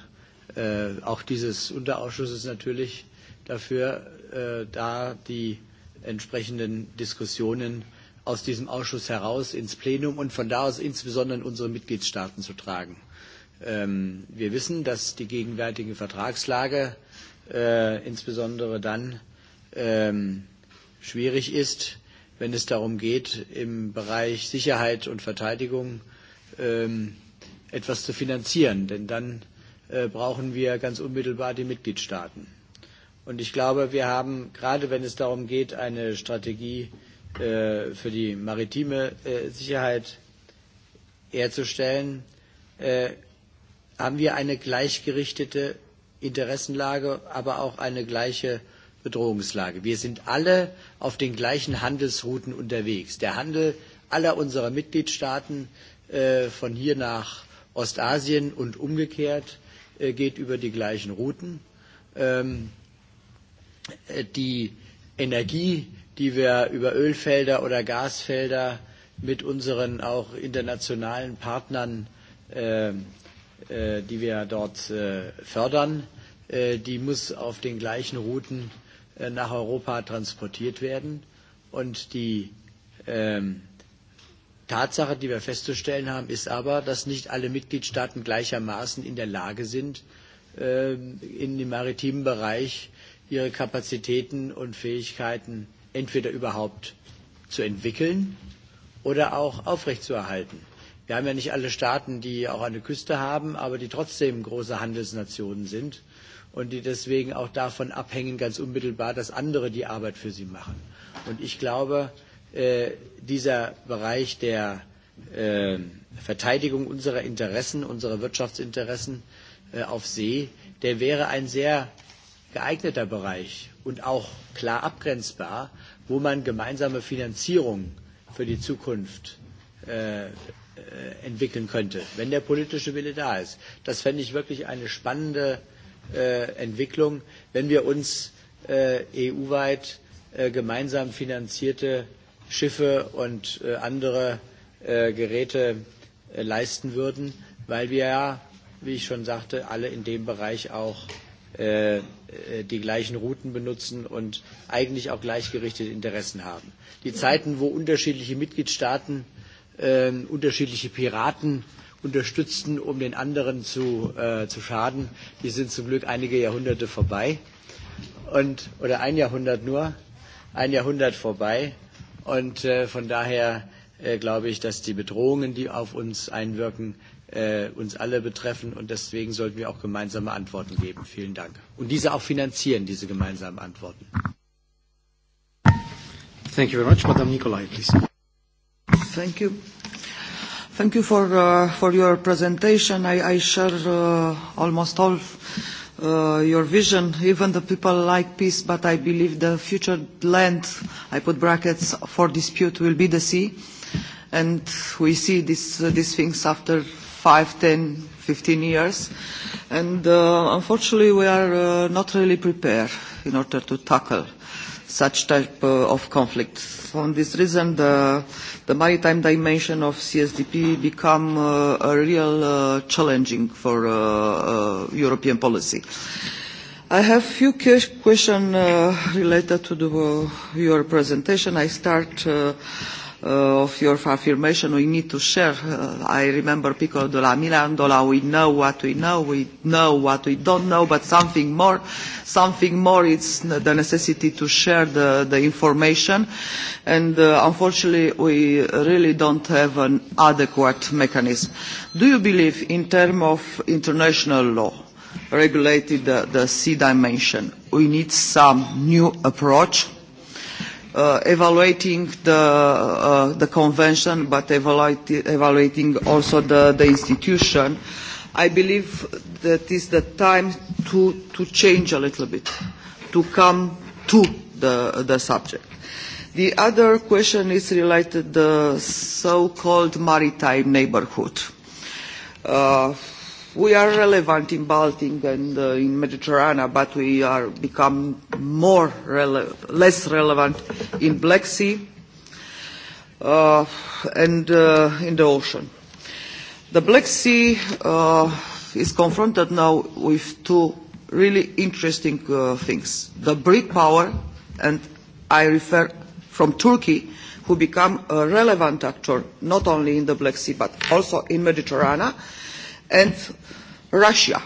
äh, auch dieses Unterausschusses natürlich, dafür, da die entsprechenden Diskussionen aus diesem Ausschuss heraus ins Plenum und von da aus insbesondere in unsere Mitgliedstaaten zu tragen. wir wissen, dass die gegenwärtige Vertragslage insbesondere dann schwierig ist, wenn es darum geht, im Bereich Sicherheit und Verteidigung etwas zu finanzieren. Denn dann brauchen wir ganz unmittelbar die Mitgliedstaaten. Und ich glaube, wir haben, gerade wenn es darum geht, eine Strategie für die maritime Sicherheit herzustellen, haben wir eine gleichgerichtete Interessenlage, aber auch eine gleiche Bedrohungslage. Wir sind alle auf den gleichen Handelsrouten unterwegs. Der Handel aller unserer Mitgliedstaaten von hier nach Ostasien und umgekehrt geht über die gleichen Routen. Ähm, die Energie, die wir über Ölfelder oder Gasfelder mit unseren auch internationalen Partnern, äh, äh, die wir dort äh, fördern, äh, die muss auf den gleichen Routen äh, nach Europa transportiert werden. Und die Tatsache, die wir festzustellen haben, ist aber, dass nicht alle Mitgliedstaaten gleichermaßen in der Lage sind, in dem maritimen Bereich ihre Kapazitäten und Fähigkeiten entweder überhaupt zu entwickeln oder auch aufrechtzuerhalten. Wir haben ja nicht alle Staaten, die auch eine Küste haben, aber die trotzdem große Handelsnationen sind und die deswegen auch davon abhängen, ganz unmittelbar, dass andere die Arbeit für sie machen. Und ich glaube, dieser Bereich der Verteidigung unserer Interessen, unserer Wirtschaftsinteressen auf See, der wäre ein sehr geeigneter Bereich und auch klar abgrenzbar, wo man gemeinsame Finanzierung für die Zukunft entwickeln könnte, wenn der politische Wille da ist. Das fände ich wirklich eine spannende Entwicklung, wenn wir uns EU-weit gemeinsam finanzierte Schiffe und andere Geräte leisten würden, weil wir ja, wie ich schon sagte, alle in dem Bereich auch die gleichen Routen benutzen und eigentlich auch gleichgerichtete Interessen haben. Die Zeiten, wo unterschiedliche Mitgliedstaaten unterschiedliche Piraten unterstützten, um den anderen zu, schaden, die sind zum Glück einige Jahrhunderte vorbei oder ein Jahrhundert nur, ein Jahrhundert vorbei. Und von daher glaube ich, dass die Bedrohungen, die auf uns einwirken, uns alle betreffen. Und deswegen sollten wir auch gemeinsame Antworten geben. Vielen Dank. Und diese auch finanzieren, diese gemeinsamen Antworten. Thank you very much. Madame Nicolai, please. Thank you. Thank you for, uh, for your presentation. I, I share uh, almost all uh, your vision. Even the people like peace, but I believe the future land, I put brackets, for dispute will be the sea. And we see this, uh, these things after five, ten, fifteen years. And uh, unfortunately, we are uh, not really prepared in order to tackle such type uh, of conflict. For this reason, the, the maritime dimension of CSDP become uh, a real uh, challenging for uh, uh, European policy. I have a few questions uh, related to the, uh, your presentation. I start uh, of your affirmation, we need to share. Uh, I remember Piccolo della Mirandola, we know what we know, we know what we don't know, but something more, something more is the necessity to share the, the information. And uh, unfortunately, we really don't have an adequate mechanism. Do you believe in terms of international law? regulated the, the C dimension. We need some new approach evaluating the, uh, the convention, but evaluating also the, the institution, I believe that is the time to, to change a little bit, to come to the, the subject. The other question is related to the so-called maritime neighborhood. Uh, We are relevant in Baltic and uh, in Mediterranean, but we are become more rele- less relevant in Black Sea uh, and uh, in the ocean. The Black Sea uh, is confronted now with two really interesting uh, things. The Greek power, and I refer from Turkey, who become a relevant actor not only in the Black Sea but also in Mediterranean, and Russia,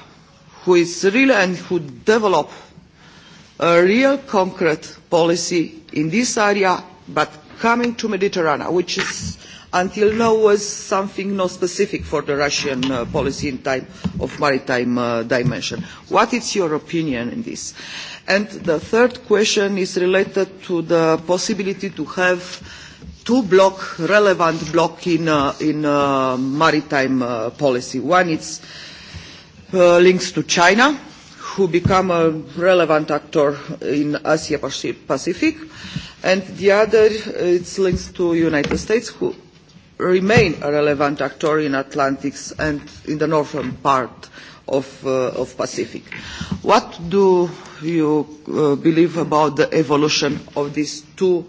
who is really and who develop a real concrete policy in this area, but coming to Mediterranean, which is until now was something not specific for the Russian policy in time of maritime dimension. What is your opinion on this? And the third question is related to the possibility to have two block, relevant block in, uh, in uh, maritime uh, policy. One is uh, links to China, who become a relevant actor in Asia Pacific, and the other is links to United States, who remain a relevant actor in Atlantics and in the northern part of, uh, of Pacific. What do you uh, believe about the evolution of these two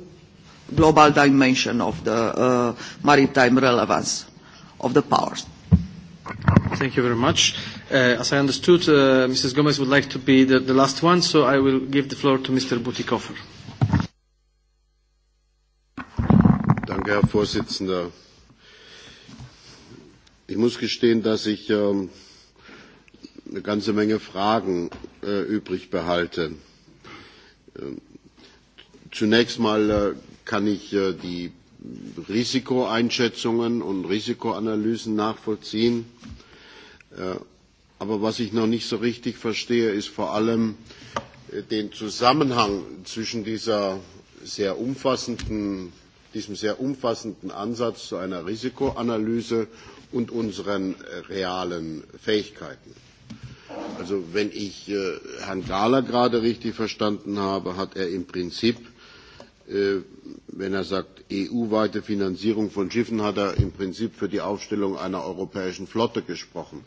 global dimension of the uh, maritime relevance of the powers. Thank you very much. Uh, as I understood, uh, Mrs. Gomez would like to be the, the last one, so I will give the floor to Mr. Butikoffer. Danke, Herr Vorsitzender. Ich muss gestehen, dass ich ähm, eine ganze Menge Fragen äh, übrig behalte. Ähm, zunächst mal kann ich die Risikoeinschätzungen und Risikoanalysen nachvollziehen. Aber was ich noch nicht so richtig verstehe, ist vor allem den Zusammenhang zwischen diesem sehr umfassenden Ansatz zu einer Risikoanalyse und unseren realen Fähigkeiten. Also wenn ich Herrn Gahler gerade richtig verstanden habe, hat er im Prinzip wenn er sagt EU weite Finanzierung von Schiffen, hat er im Prinzip für die Aufstellung einer europäischen Flotte gesprochen.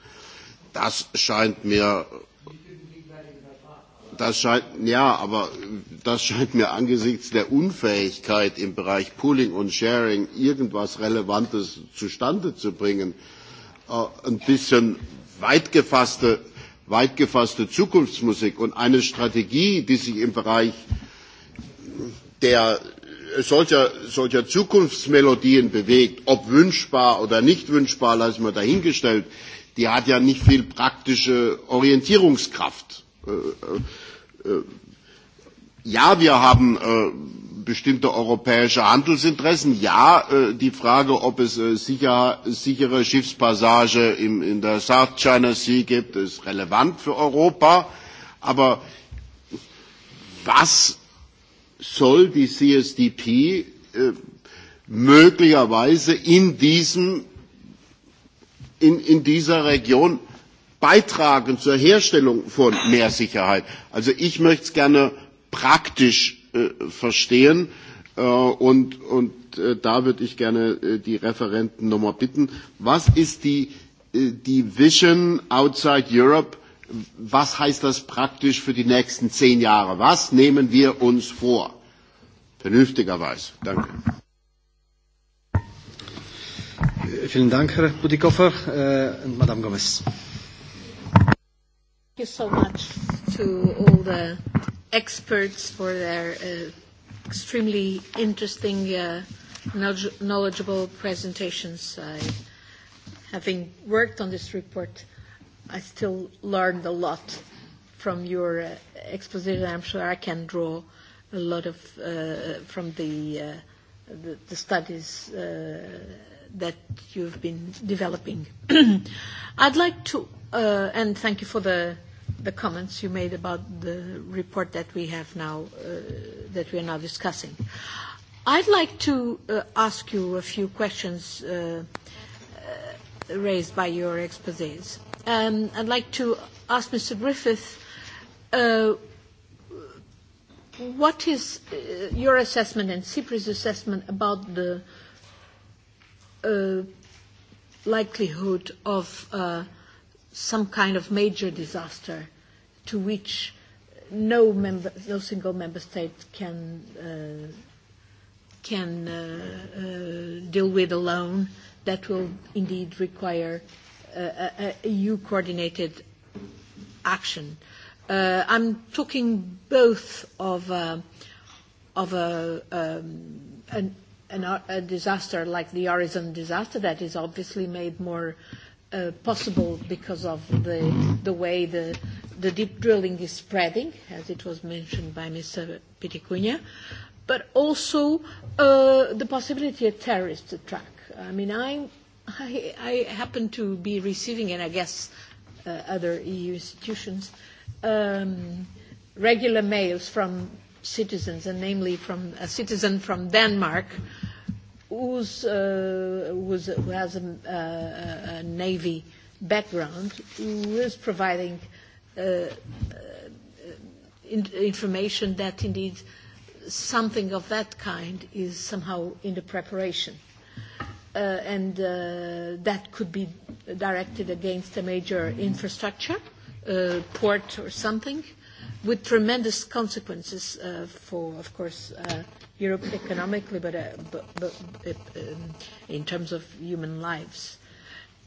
Das scheint mir das scheint, ja, aber das scheint mir angesichts der Unfähigkeit im Bereich Pooling und Sharing irgendwas Relevantes zustande zu bringen, ein bisschen weit gefasste, weit gefasste Zukunftsmusik und eine Strategie, die sich im Bereich der solcher, solcher Zukunftsmelodien bewegt, ob wünschbar oder nicht wünschbar, lassen wir dahingestellt, die hat ja nicht viel praktische Orientierungskraft. Ja, wir haben bestimmte europäische Handelsinteressen. Ja, die Frage, ob es sichere Schiffspassage in der South China Sea gibt, ist relevant für Europa. Aber was soll die CSDP möglicherweise in, diesem, in, in dieser Region beitragen zur Herstellung von mehr Sicherheit. Also ich möchte es gerne praktisch verstehen und, da würde ich gerne die Referenten nochmal bitten. Was ist die, Vision outside Europe was heißt das praktisch für die nächsten zehn Jahre? Was nehmen wir uns vor? Vernünftigerweise. Danke. Vielen Dank, Herr Budikoffer. und äh, Madame Gomez. Thank you so much to all the experts for their uh, extremely interesting, uh, knowledgeable presentations. I, having worked on this report, I still learned a lot from your uh, exposition. I'm sure I can draw a lot of uh, from the, uh, the the studies uh, that you've been developing. I'd like to uh, and thank you for the the comments you made about the report that we have now uh, that we are now discussing. I'd like to uh, ask you a few questions uh, uh, raised by your exposés. Um, I'd like to ask Mr. Griffith, uh, what is uh, your assessment and CIPRI's assessment about the uh, likelihood of uh, some kind of major disaster to which no member, no single member state can uh, can uh, uh, deal with alone. That will indeed require a EU-coordinated action. Uh, I'm talking both of a, of a, um, an, an, a disaster like the Horizon disaster that is obviously made more uh, possible because of the, the way the, the deep drilling is spreading, as it was mentioned by Mr. Piticunha, but also uh, the possibility of terrorist attack. I mean, I'm I, I happen to be receiving, and I guess uh, other EU institutions, um, regular mails from citizens, and namely from a citizen from Denmark who's, uh, who's, who has a, uh, a Navy background, who is providing uh, in, information that indeed something of that kind is somehow in the preparation uh, and uh, that could be directed against a major infrastructure, uh, port or something, with tremendous consequences uh, for, of course, uh, Europe economically, but, uh, but, but um, in terms of human lives.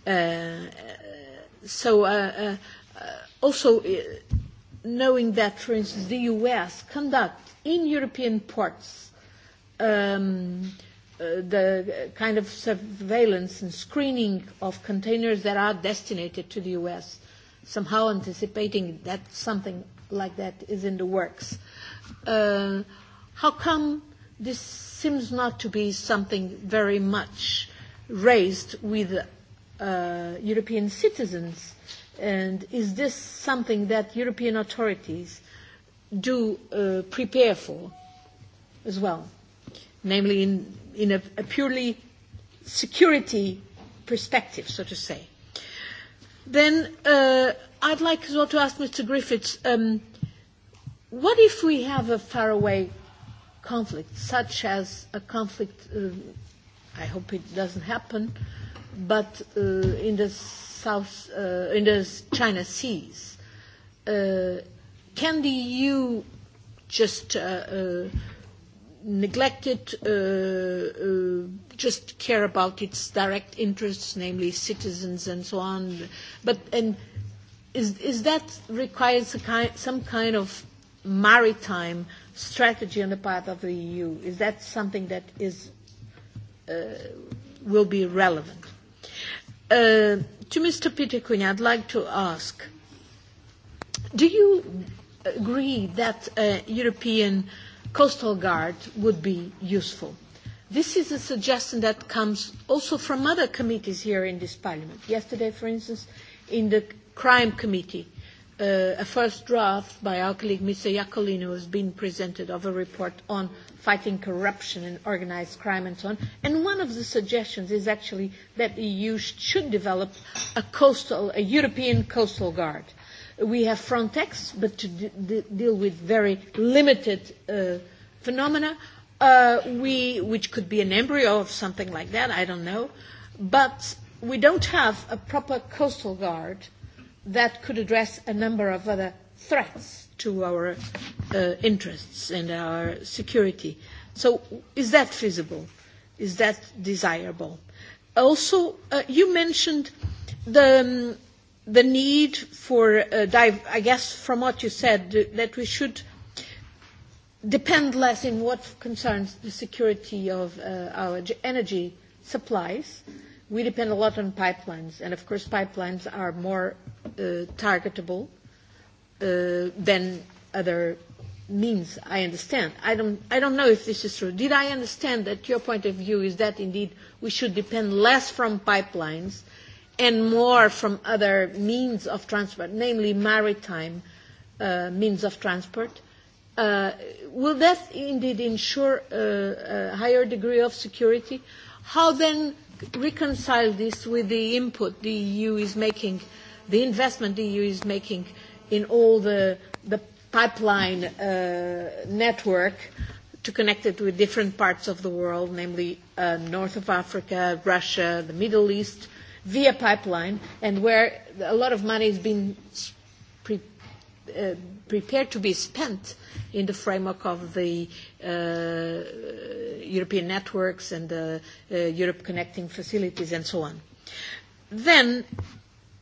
Uh, so uh, uh, also uh, knowing that, for instance, the U.S. conduct in European ports um, – the kind of surveillance and screening of containers that are destinated to the U.S., somehow anticipating that something like that is in the works. Uh, how come this seems not to be something very much raised with uh, European citizens? And is this something that European authorities do uh, prepare for as well? namely in, in a, a purely security perspective, so to say. Then uh, I'd like as well to ask Mr. Griffiths, um, what if we have a faraway conflict, such as a conflict, uh, I hope it doesn't happen, but uh, in the South, uh, in the China Seas, uh, can the EU just uh, uh, neglected, uh, uh, just care about its direct interests, namely citizens and so on. But and is is that requires a kind, some kind of maritime strategy on the part of the EU? Is that something that is uh, will be relevant? Uh, to Mr. Peter Kuhn, I'd like to ask: Do you agree that uh, European uh, coastal guard would be useful. This is a suggestion that comes also from other committees here in this parliament. Yesterday, for instance, in the crime committee, uh, a first draft by our colleague Mr. Iacolino has been presented of a report on fighting corruption and organized crime and so on. And one of the suggestions is actually that the EU should develop a coastal, a European coastal guard We have Frontex, but to d- d- deal with very limited uh, phenomena, uh, we, which could be an embryo of something like that, I don't know. But we don't have a proper coastal guard that could address a number of other threats to our uh, interests and our security. So is that feasible? Is that desirable? Also, uh, you mentioned the um, the need for, uh, dive, I guess from what you said, that we should depend less in what concerns the security of uh, our energy supplies. We depend a lot on pipelines, and of course pipelines are more uh, targetable uh, than other means. I understand. I don't. I don't know if this is true. Did I understand that your point of view is that indeed we should depend less from pipelines and more from other means of transport, namely maritime uh, means of transport, uh, will that indeed ensure a, a higher degree of security? How then reconcile this with the input the EU is making, the investment the EU is making in all the, the pipeline uh, network to connect it with different parts of the world, namely uh, north of Africa, Russia, the Middle East, via pipeline and where a lot of money has been pre- uh, prepared to be spent in the framework of the uh, European networks and the uh, Europe connecting facilities and so on. Then,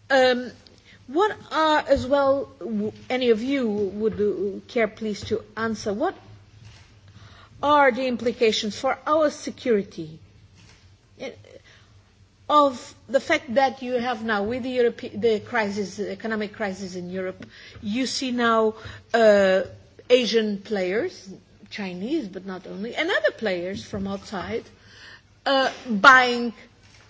um, what are, as well, any of you would care please to answer, what are the implications for our security of the fact that you have now, with the, Europe, the crisis, the economic crisis in Europe, you see now uh, Asian players, Chinese, but not only, and other players from outside uh, buying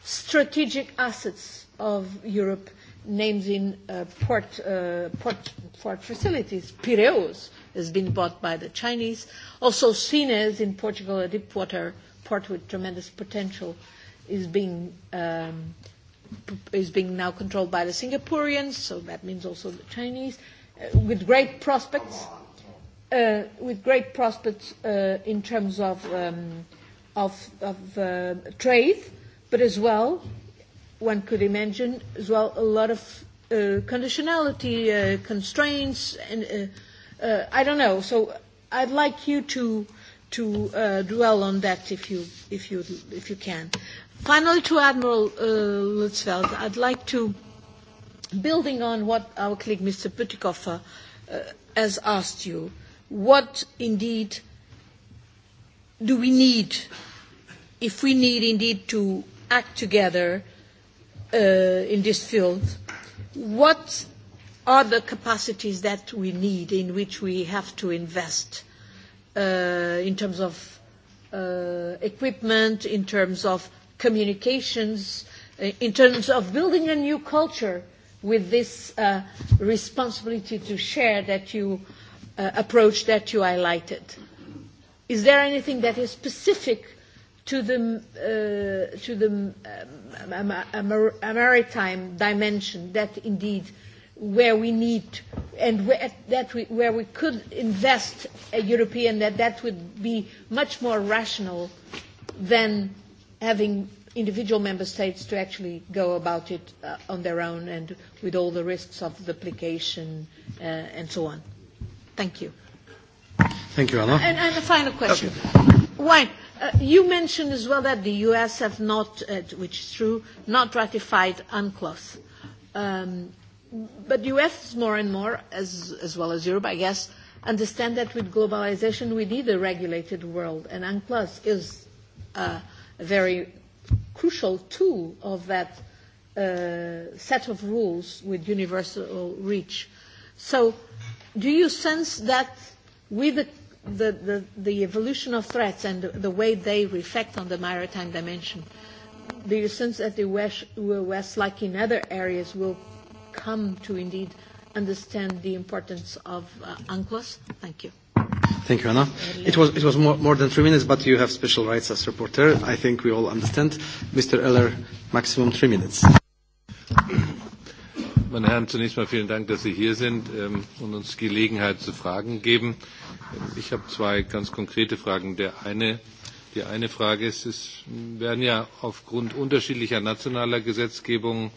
strategic assets of Europe, names in uh, port, uh, port, port facilities. Piraeus has been bought by the Chinese. Also, Sines in Portugal, a deep water port with tremendous potential. Uh, is being um, is being now controlled by the Singaporeans, so that means also the Chinese, uh, with great prospects, uh, with great prospects uh, in terms of um, of, of uh, trade, but as well, one could imagine as well a lot of uh, conditionality uh, constraints, and uh, uh, I don't know. So I'd like you to to uh, dwell on that if you if you if you can. Finally, to Admiral uh, Lutzfeld, I'd like to, building on what our colleague Mr. Putikoffer uh, has asked you, what indeed do we need if we need indeed to act together uh, in this field? What are the capacities that we need in which we have to invest uh, in terms of uh, equipment, in terms of communications in terms of building a new culture with this uh, responsibility to share that you uh, approach that you highlighted. Is there anything that is specific to the, uh, to the um, maritime dimension that indeed where we need and where, that we, where we could invest a European that that would be much more rational than having individual member states to actually go about it uh, on their own and with all the risks of duplication uh, and so on. Thank you. Thank you, Anna. And, and a final question. Okay. Why? Uh, you mentioned as well that the U.S. have not, uh, which is true, not ratified UNCLOS. Um, but the U.S. more and more, as, as well as Europe, I guess, understand that with globalization we need a regulated world, and UNCLOS is uh, – very crucial tool of that uh, set of rules with universal reach. So, do you sense that with the, the, the, the evolution of threats and the, the way they reflect on the maritime dimension, do you sense that the West, West, like in other areas, will come to indeed understand the importance of uh, UNCLOS? Thank you. Thank you, Anna. It was, it was more, more than three minutes, but you have special rights as reporter. I think we all understand. Mr. Eller, maximum three minutes. Meine Herren, zunächst mal vielen Dank, dass Sie hier sind ähm, und uns Gelegenheit zu Fragen geben. Ich habe zwei ganz konkrete Fragen. Der eine, die eine Frage ist, es werden ja aufgrund unterschiedlicher nationaler Gesetzgebung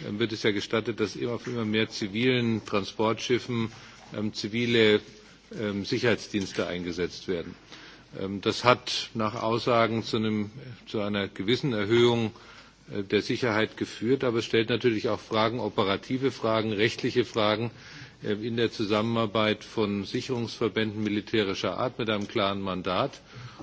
äh, wird es ja gestattet, dass immer auf immer mehr zivilen Transportschiffen ähm, zivile Sicherheitsdienste eingesetzt werden. Das hat nach Aussagen zu, einer gewissen Erhöhung der Sicherheit geführt, aber es stellt natürlich auch Fragen, operative Fragen, rechtliche Fragen in der Zusammenarbeit von Sicherungsverbänden militärischer Art mit einem klaren Mandat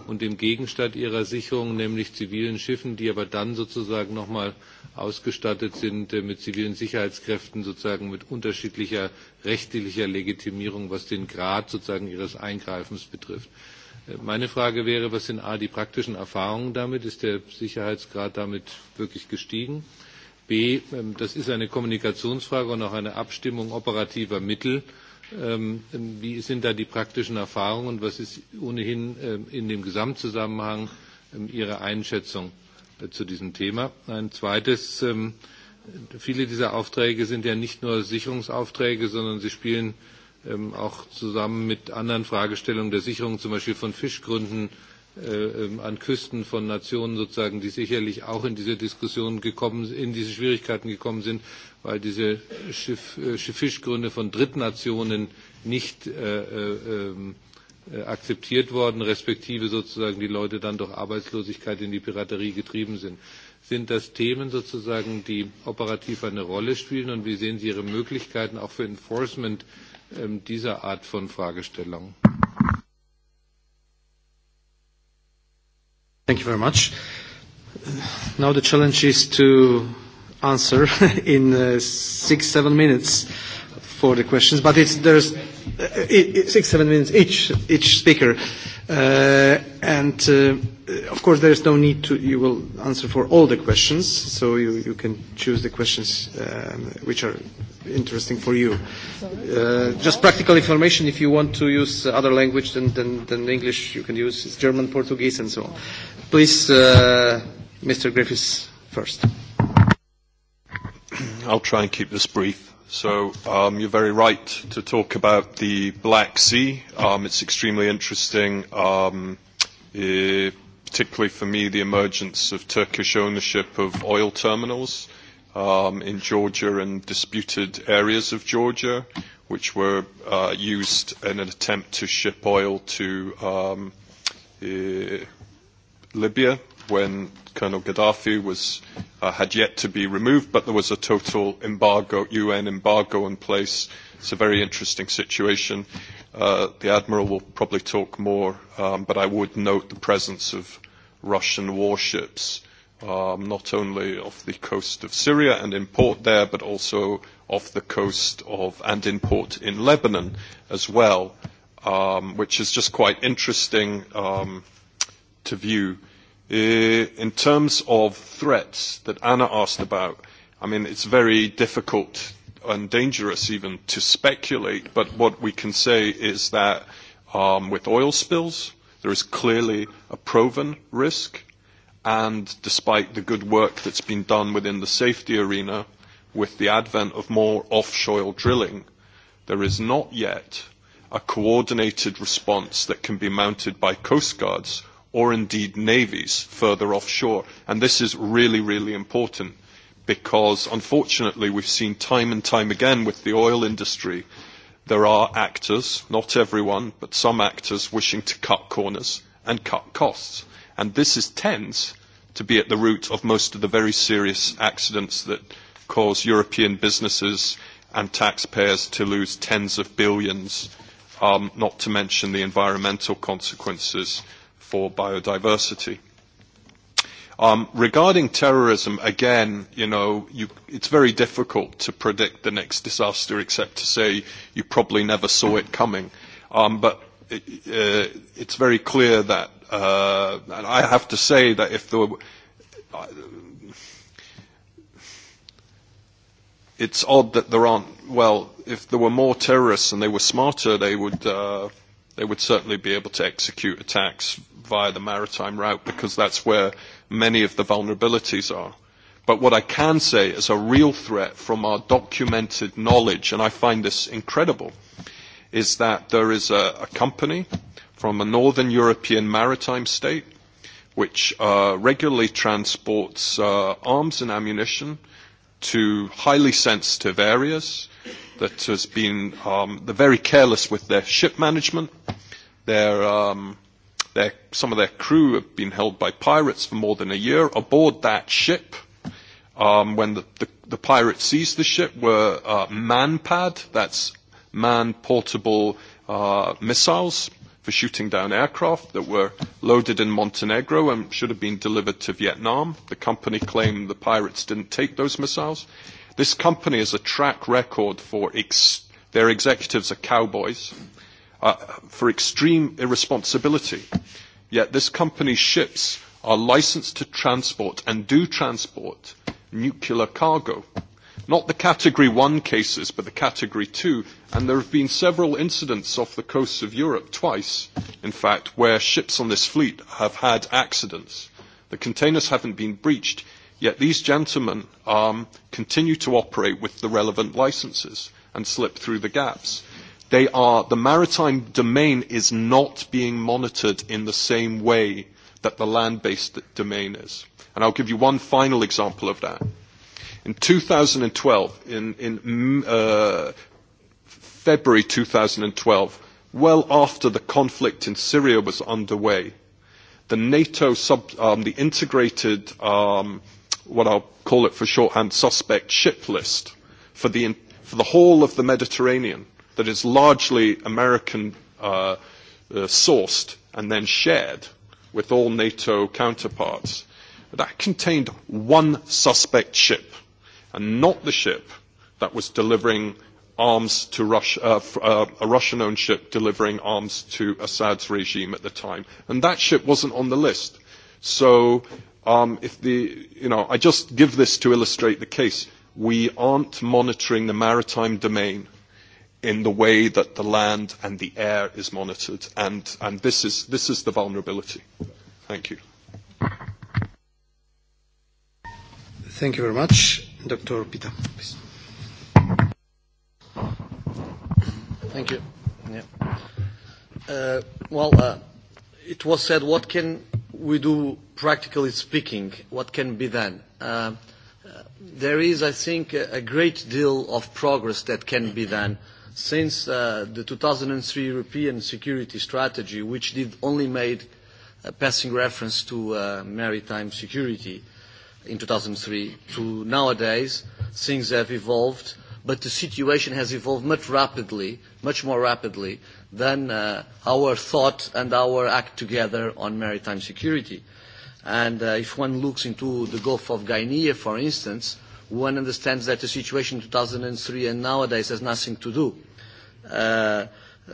und dem Gegenstand ihrer Sicherung, nämlich zivilen Schiffen, die aber dann sozusagen nochmal ausgestattet sind mit zivilen Sicherheitskräften, sozusagen mit unterschiedlicher rechtlicher Legitimierung, was den Grad sozusagen ihres Eingreifens betrifft. Meine Frage wäre, was sind A, die praktischen Erfahrungen damit? Ist der Sicherheitsgrad damit wirklich gestiegen? B, das ist eine Kommunikationsfrage und auch eine Abstimmung operativer Mittel Wie sind da die praktischen Erfahrungen? und Was ist ohnehin in dem Gesamtzusammenhang Ihre Einschätzung zu diesem Thema? Ein zweites, viele dieser Aufträge sind ja nicht nur Sicherungsaufträge, sondern sie spielen auch zusammen mit anderen Fragestellungen der Sicherung, zum Beispiel von Fischgründen, an Küsten von Nationen sozusagen, die sicherlich auch in diese Diskussion gekommen, in diese Schwierigkeiten gekommen sind, weil diese Fischgründe von Drittnationen nicht akzeptiert worden, respektive sozusagen die Leute dann durch Arbeitslosigkeit in die Piraterie getrieben sind. Sind das Themen sozusagen, die operativ eine Rolle spielen und wie sehen Sie Ihre Möglichkeiten auch für Enforcement dieser Art von Fragestellungen? Thank you very much. Now the challenge is to answer in uh, six, seven minutes for the questions, but it's, there's uh, it, six, seven minutes each, each speaker. Uh, and uh, of course, there is no need to, you will answer for all the questions, so you, you can choose the questions um, which are interesting for you. Uh, just practical information, if you want to use other language than, than, than English, you can use German, Portuguese, and so on. Please, uh, Mr. Griffiths first. I'll try and keep this brief. So um, you're very right to talk about the Black Sea. Um, it's extremely interesting. Um, uh, particularly for me, the emergence of Turkish ownership of oil terminals um, in Georgia and disputed areas of Georgia, which were uh, used in an attempt to ship oil to um, uh, Libya when Colonel Gaddafi was, uh, had yet to be removed, but there was a total embargo, UN embargo in place. It's a very interesting situation the Admiral will probably talk more, but I would note the presence of Russian warships, not only off the coast of Syria and in port there, but also off the coast of and in port in Lebanon as well, which is just quite interesting to view. In terms of threats that Anna asked about, I mean, it's very difficult and dangerous even to speculate, but what we can say is that um, with oil spills, there is clearly a proven risk, and despite the good work that's been done within the safety arena, with the advent of more offshore drilling, there is not yet a coordinated response that can be mounted by coast guards or indeed navies further offshore. And this is really, really important because unfortunately we've seen time and time again with the oil industry there are actors, not everyone, but some actors wishing to cut corners and cut costs. And this is tends to be at the root of most of the very serious accidents that cause European businesses and taxpayers to lose tens of billions, um, not to mention the environmental consequences for biodiversity. Um, regarding terrorism, again, you know, you, it's very difficult to predict the next disaster, except to say you probably never saw it coming. Um, but it, uh, it's very clear that, uh, and I have to say that if there were, uh, it's odd that there aren't. Well, if there were more terrorists and they were smarter, they would uh, they would certainly be able to execute attacks via the maritime route because that's where many of the vulnerabilities are. But what I can say is a real threat from our documented knowledge, and I find this incredible, is that there is a, a company from a northern European maritime state which uh, regularly transports uh, arms and ammunition to highly sensitive areas that has been um, they're very careless with their ship management, their um, Their, some of their crew have been held by pirates for more than a year aboard that ship. Um, when the, the, the pirates seized the ship were uh, MANPAD, that's man portable uh, missiles for shooting down aircraft that were loaded in Montenegro and should have been delivered to Vietnam. The company claimed the pirates didn't take those missiles. This company has a track record for ex- their executives are cowboys for extreme irresponsibility. Yet this company's ships are licensed to transport and do transport nuclear cargo. Not the category one cases, but the category two. And there have been several incidents off the coasts of Europe twice, in fact, where ships on this fleet have had accidents. The containers haven't been breached, yet these gentlemen um, continue to operate with the relevant licenses and slip through the gaps. They are, the maritime domain is not being monitored in the same way that the land-based domain is. And I'll give you one final example of that. In 2012, in, in uh, February 2012, well after the conflict in Syria was underway, the NATO sub, um, the integrated, um, what I'll call it for shorthand, suspect ship list for the, for the whole of the Mediterranean that is largely American uh, sourced and then shared with all NATO counterparts, that contained one suspect ship, and not the ship that was delivering arms to Russia, uh, uh, a Russian-owned ship delivering arms to Assad's regime at the time, and that ship wasn't on the list. So, um, if the you know, I just give this to illustrate the case. We aren't monitoring the maritime domain in the way that the land and the air is monitored. And, and this, is, this is the vulnerability. Thank you. Thank you very much. Dr. Pita, please. Thank you. Yeah. Uh, well, uh, it was said, what can we do, practically speaking? What can be done? Uh, there is, I think, a, a great deal of progress that can be done uh, since uh, the 2003 European Security Strategy, which did only made a passing reference to uh, maritime security in 2003, to nowadays, things have evolved, but the situation has evolved much rapidly, much more rapidly than uh, our thought and our act together on maritime security. And uh, if one looks into the Gulf of Guinea, for instance, one understands that the situation in 2003 and nowadays has nothing to do. Uh,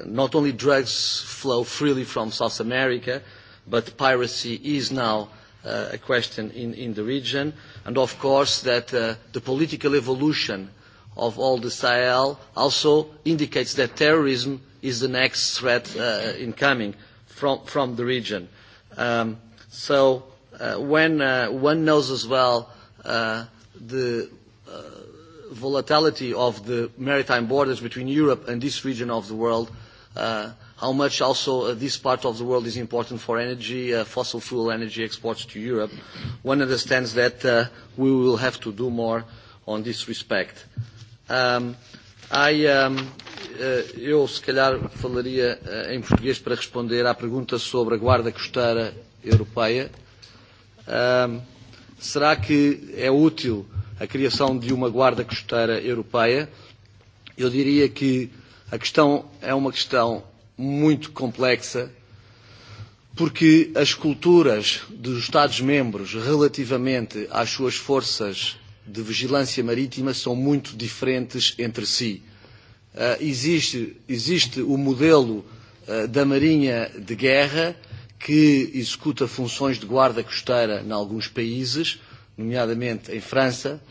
not only drugs flow freely from South America, but piracy is now uh, a question in, in the region. And of course that uh, the political evolution of all the Sahel also indicates that terrorism is the next threat uh, incoming from, from the region. Um, so uh, when uh, one knows as well uh, the uh, volatility of the maritime borders between Europe and this region of the world, uh, how much also uh, this part of the world is important for energy, uh, fossil fuel energy exports to Europe, one understands that uh, we will have to do more on this respect. Um, I, um, eu, se calhar, falaria uh, em português para responder à pergunta sobre a Guarda Costeira Europeia. Um, Será que é útil a criação de uma guarda costeira europeia? Eu diria que a questão é uma questão muito complexa, porque as culturas dos Estados-membros relativamente às suas forças de vigilância marítima são muito diferentes entre si. Uh, existe, existe o modelo uh, da Marinha de Guerra, uh, que executa funções de guarda costeira em alguns países, nomeadamente em França,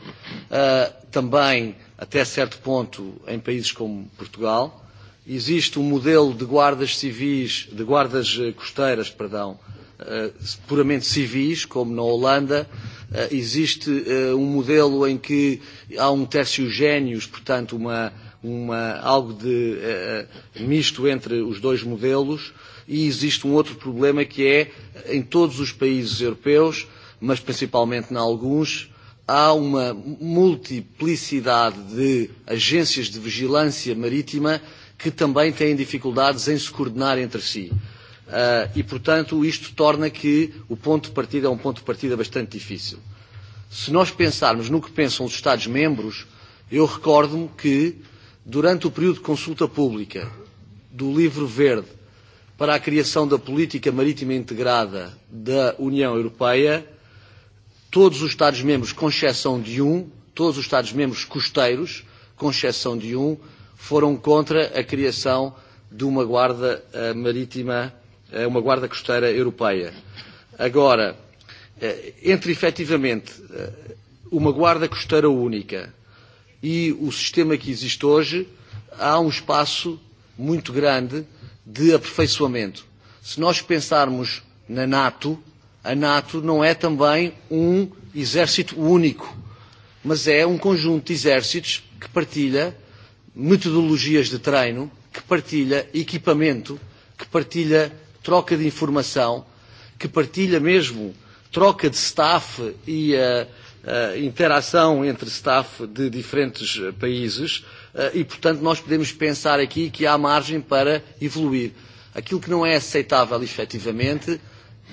uh, também, até certo ponto, em países como Portugal. Existe um modelo de guardas civis, de guardas costeiras, perdão, uh, puramente civis, como na Holanda. Uh, existe uh, um modelo em que há um terciogénios, portanto, uma, uma, algo de uh, misto entre os dois modelos e existe um outro problema que é, em todos os países europeus, mas principalmente em alguns, há uma multiplicidade de agências de vigilância marítima que também têm dificuldades em se coordenar entre si. Uh, e, portanto, isto torna que o ponto de partida é um ponto de partida bastante difícil. Se nós pensarmos no que pensam os Estados-membros, eu recordo-me que Durante o período de consulta pública do Livro Verde para a criação da política marítima integrada da União Europeia, todos os Estados-membros, com exceção de um, todos os Estados-membros costeiros, com exceção de um, foram contra a criação de uma guarda marítima, uma guarda costeira europeia. Agora, entre efetivamente uma guarda costeira única e o sistema que existe hoje, há um espaço muito grande de aperfeiçoamento. Se nós pensarmos na NATO, a NATO não é também um exército único, mas é um conjunto de exércitos que partilha metodologias de treino, que partilha equipamento, que partilha troca de informação, que partilha mesmo troca de staff e uh, interação entre staff de diferentes países e, portanto, nós podemos pensar aqui que há margem para evoluir. Aquilo que não é aceitável, efetivamente,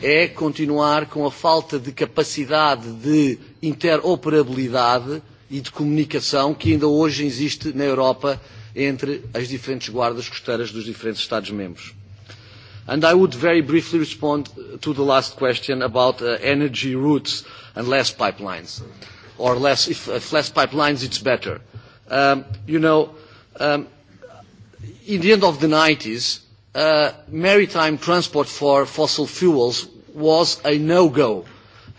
é continuar com a falta de capacidade de interoperabilidade e de comunicação que ainda hoje existe na Europa entre as diferentes guardas costeiras dos diferentes Estados-membros. And I would very briefly respond to the last question about energy routes and less pipelines. Or less, if, less pipelines, it's better. Um, you know, um, in the end of the 90s, uh, maritime transport for fossil fuels was a no-go.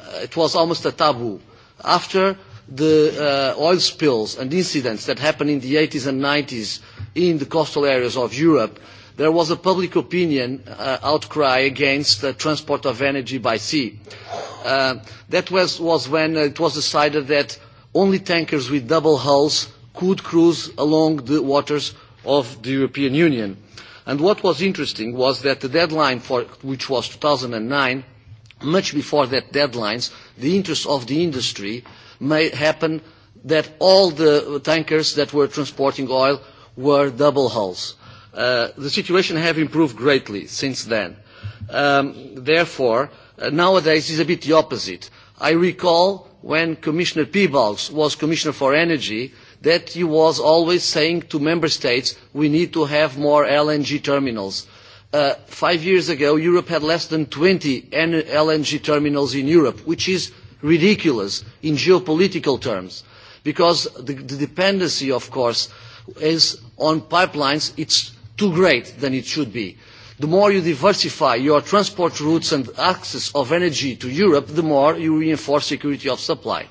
Uh, it was almost a taboo. After the uh, oil spills and incidents that happened in the 80s and 90s in the coastal areas of Europe, there was a public opinion uh, outcry against the transport of energy by sea. Uh, that was, was when it was decided that only tankers with double hulls could cruise along the waters of the European Union. And what was interesting was that the deadline for which was 2009, much before that deadline, the interest of the industry may happen that all the tankers that were transporting oil were double hulls the situation has improved greatly since then. Um, therefore, uh, nowadays is a bit the opposite. I recall when Commissioner Peebles was Commissioner for Energy, that he was always saying to member states, we need to have more LNG terminals. five years ago, Europe had less than twenty LNG terminals in Europe, which is ridiculous in geopolitical terms, because the, dependency, of course, is on pipelines. It's too great than it should be. The more you diversify your transport routes and access of energy to Europe, the more you reinforce security of supply.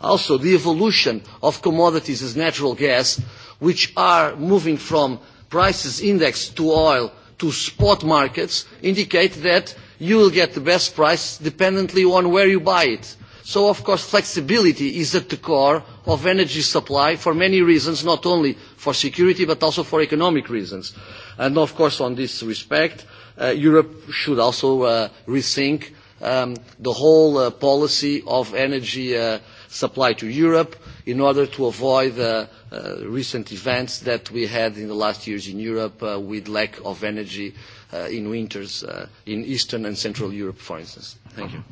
Also, the evolution of commodities as natural gas, which are moving from prices indexed to oil to spot markets, indicate that you will get the best price dependently on where you buy it. So, of course, flexibility is at the core of energy supply for many reasons, not only for security but also for economic reasons. And of course on this respect, uh, Europe should also uh, rethink um, the whole uh, policy of energy uh, supply to Europe in order to avoid uh, uh, recent events that we had in the last years in Europe uh, with lack of energy uh, in winters uh, in Eastern and Central Europe, for instance. Thank you.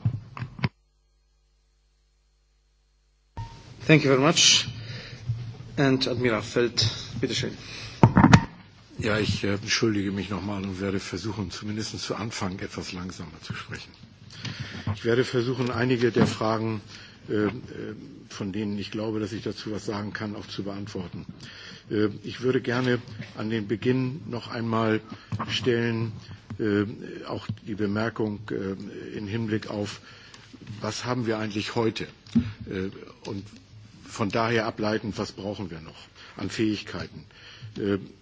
Thank you very much and Admiral Feld. Ja, ich entschuldige mich nochmal und werde versuchen, zumindest zu Anfang etwas langsamer zu sprechen. Ich werde versuchen, einige der Fragen, von denen ich glaube, dass ich dazu was sagen kann, auch zu beantworten. ich würde gerne an den Beginn noch einmal stellen, auch die Bemerkung im Hinblick auf, was haben wir eigentlich heute? und von daher ableiten, was brauchen wir noch an Fähigkeiten.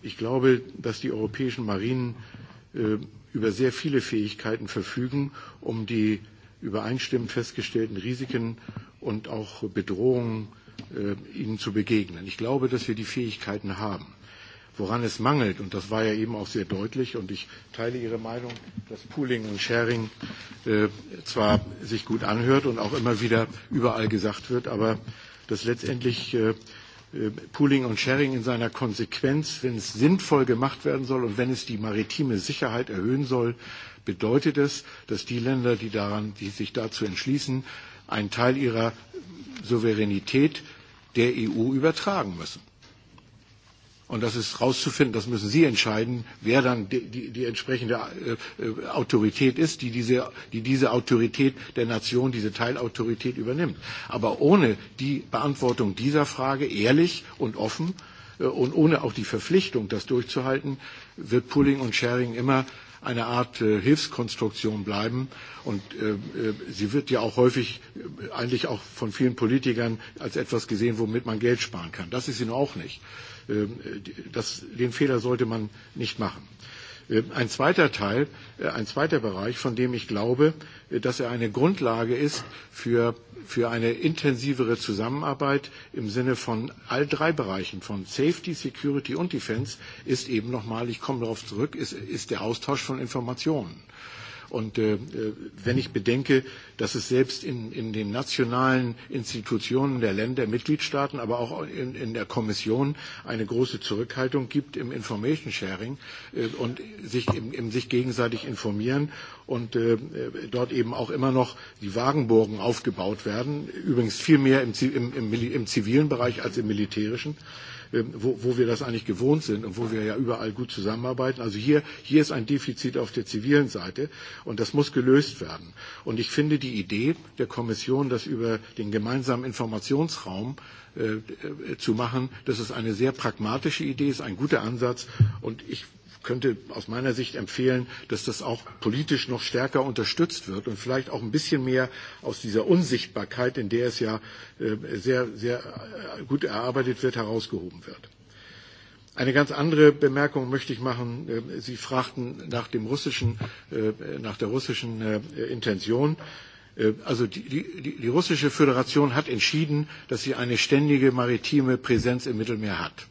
Ich glaube, dass die europäischen Marinen über sehr viele Fähigkeiten verfügen, um die übereinstimmend festgestellten Risiken und auch Bedrohungen ihnen zu begegnen. Ich glaube, dass wir die Fähigkeiten haben. Woran es mangelt, und das war ja eben auch sehr deutlich, und ich teile Ihre Meinung, dass Pooling und Sharing zwar sich gut anhört und auch immer wieder überall gesagt wird, aber dass letztendlich Pooling und Sharing in seiner Konsequenz, wenn es sinnvoll gemacht werden soll und wenn es die maritime Sicherheit erhöhen soll, bedeutet es, dass die Länder, die, daran, die sich dazu entschließen, einen Teil ihrer Souveränität der EU übertragen müssen. Und das ist herauszufinden, das müssen Sie entscheiden, wer dann die, die, die entsprechende Autorität ist, die diese, die diese Autorität der Nation, diese Teilautorität übernimmt. Aber ohne die Beantwortung dieser Frage ehrlich und offen und ohne auch die Verpflichtung, das durchzuhalten, wird Pooling und Sharing immer eine Art Hilfskonstruktion bleiben. Und sie wird ja auch häufig eigentlich auch von vielen Politikern als etwas gesehen, womit man Geld sparen kann. Das ist sie auch nicht. den Fehler sollte man nicht machen. Ein zweiter Teil, ein zweiter Bereich, von dem ich glaube, dass er eine Grundlage ist für, für eine intensivere Zusammenarbeit im Sinne von all drei Bereichen, von Safety, Security und Defense, ist eben nochmal, ich komme darauf zurück, ist, ist der Austausch von Informationen. Und wenn ich bedenke, dass es selbst in, den nationalen Institutionen der Länder, Mitgliedstaaten, aber auch in, der Kommission eine große Zurückhaltung gibt im Information Sharing und sich im sich gegenseitig informieren und dort eben auch immer noch die Wagenburgen aufgebaut werden, übrigens viel mehr im, zivilen Bereich als im militärischen. Äh, wo, wo wir das eigentlich gewohnt sind und wo wir ja überall gut zusammenarbeiten. Also hier, hier ist ein Defizit auf der zivilen Seite und das muss gelöst werden. Und ich finde die Idee der Kommission, das über den gemeinsamen Informationsraum zu machen. Das ist eine sehr pragmatische Idee, ist ein guter Ansatz und ich könnte aus meiner Sicht empfehlen, dass das auch politisch noch stärker unterstützt wird und vielleicht auch ein bisschen mehr aus dieser Unsichtbarkeit, in der es ja sehr, sehr gut erarbeitet wird, herausgehoben wird. Eine ganz andere Bemerkung möchte ich machen. Sie fragten nach, dem russischen, nach der russischen Intention. Also die, die, die russische Föderation hat entschieden, dass sie eine ständige maritime Präsenz im Mittelmeer hat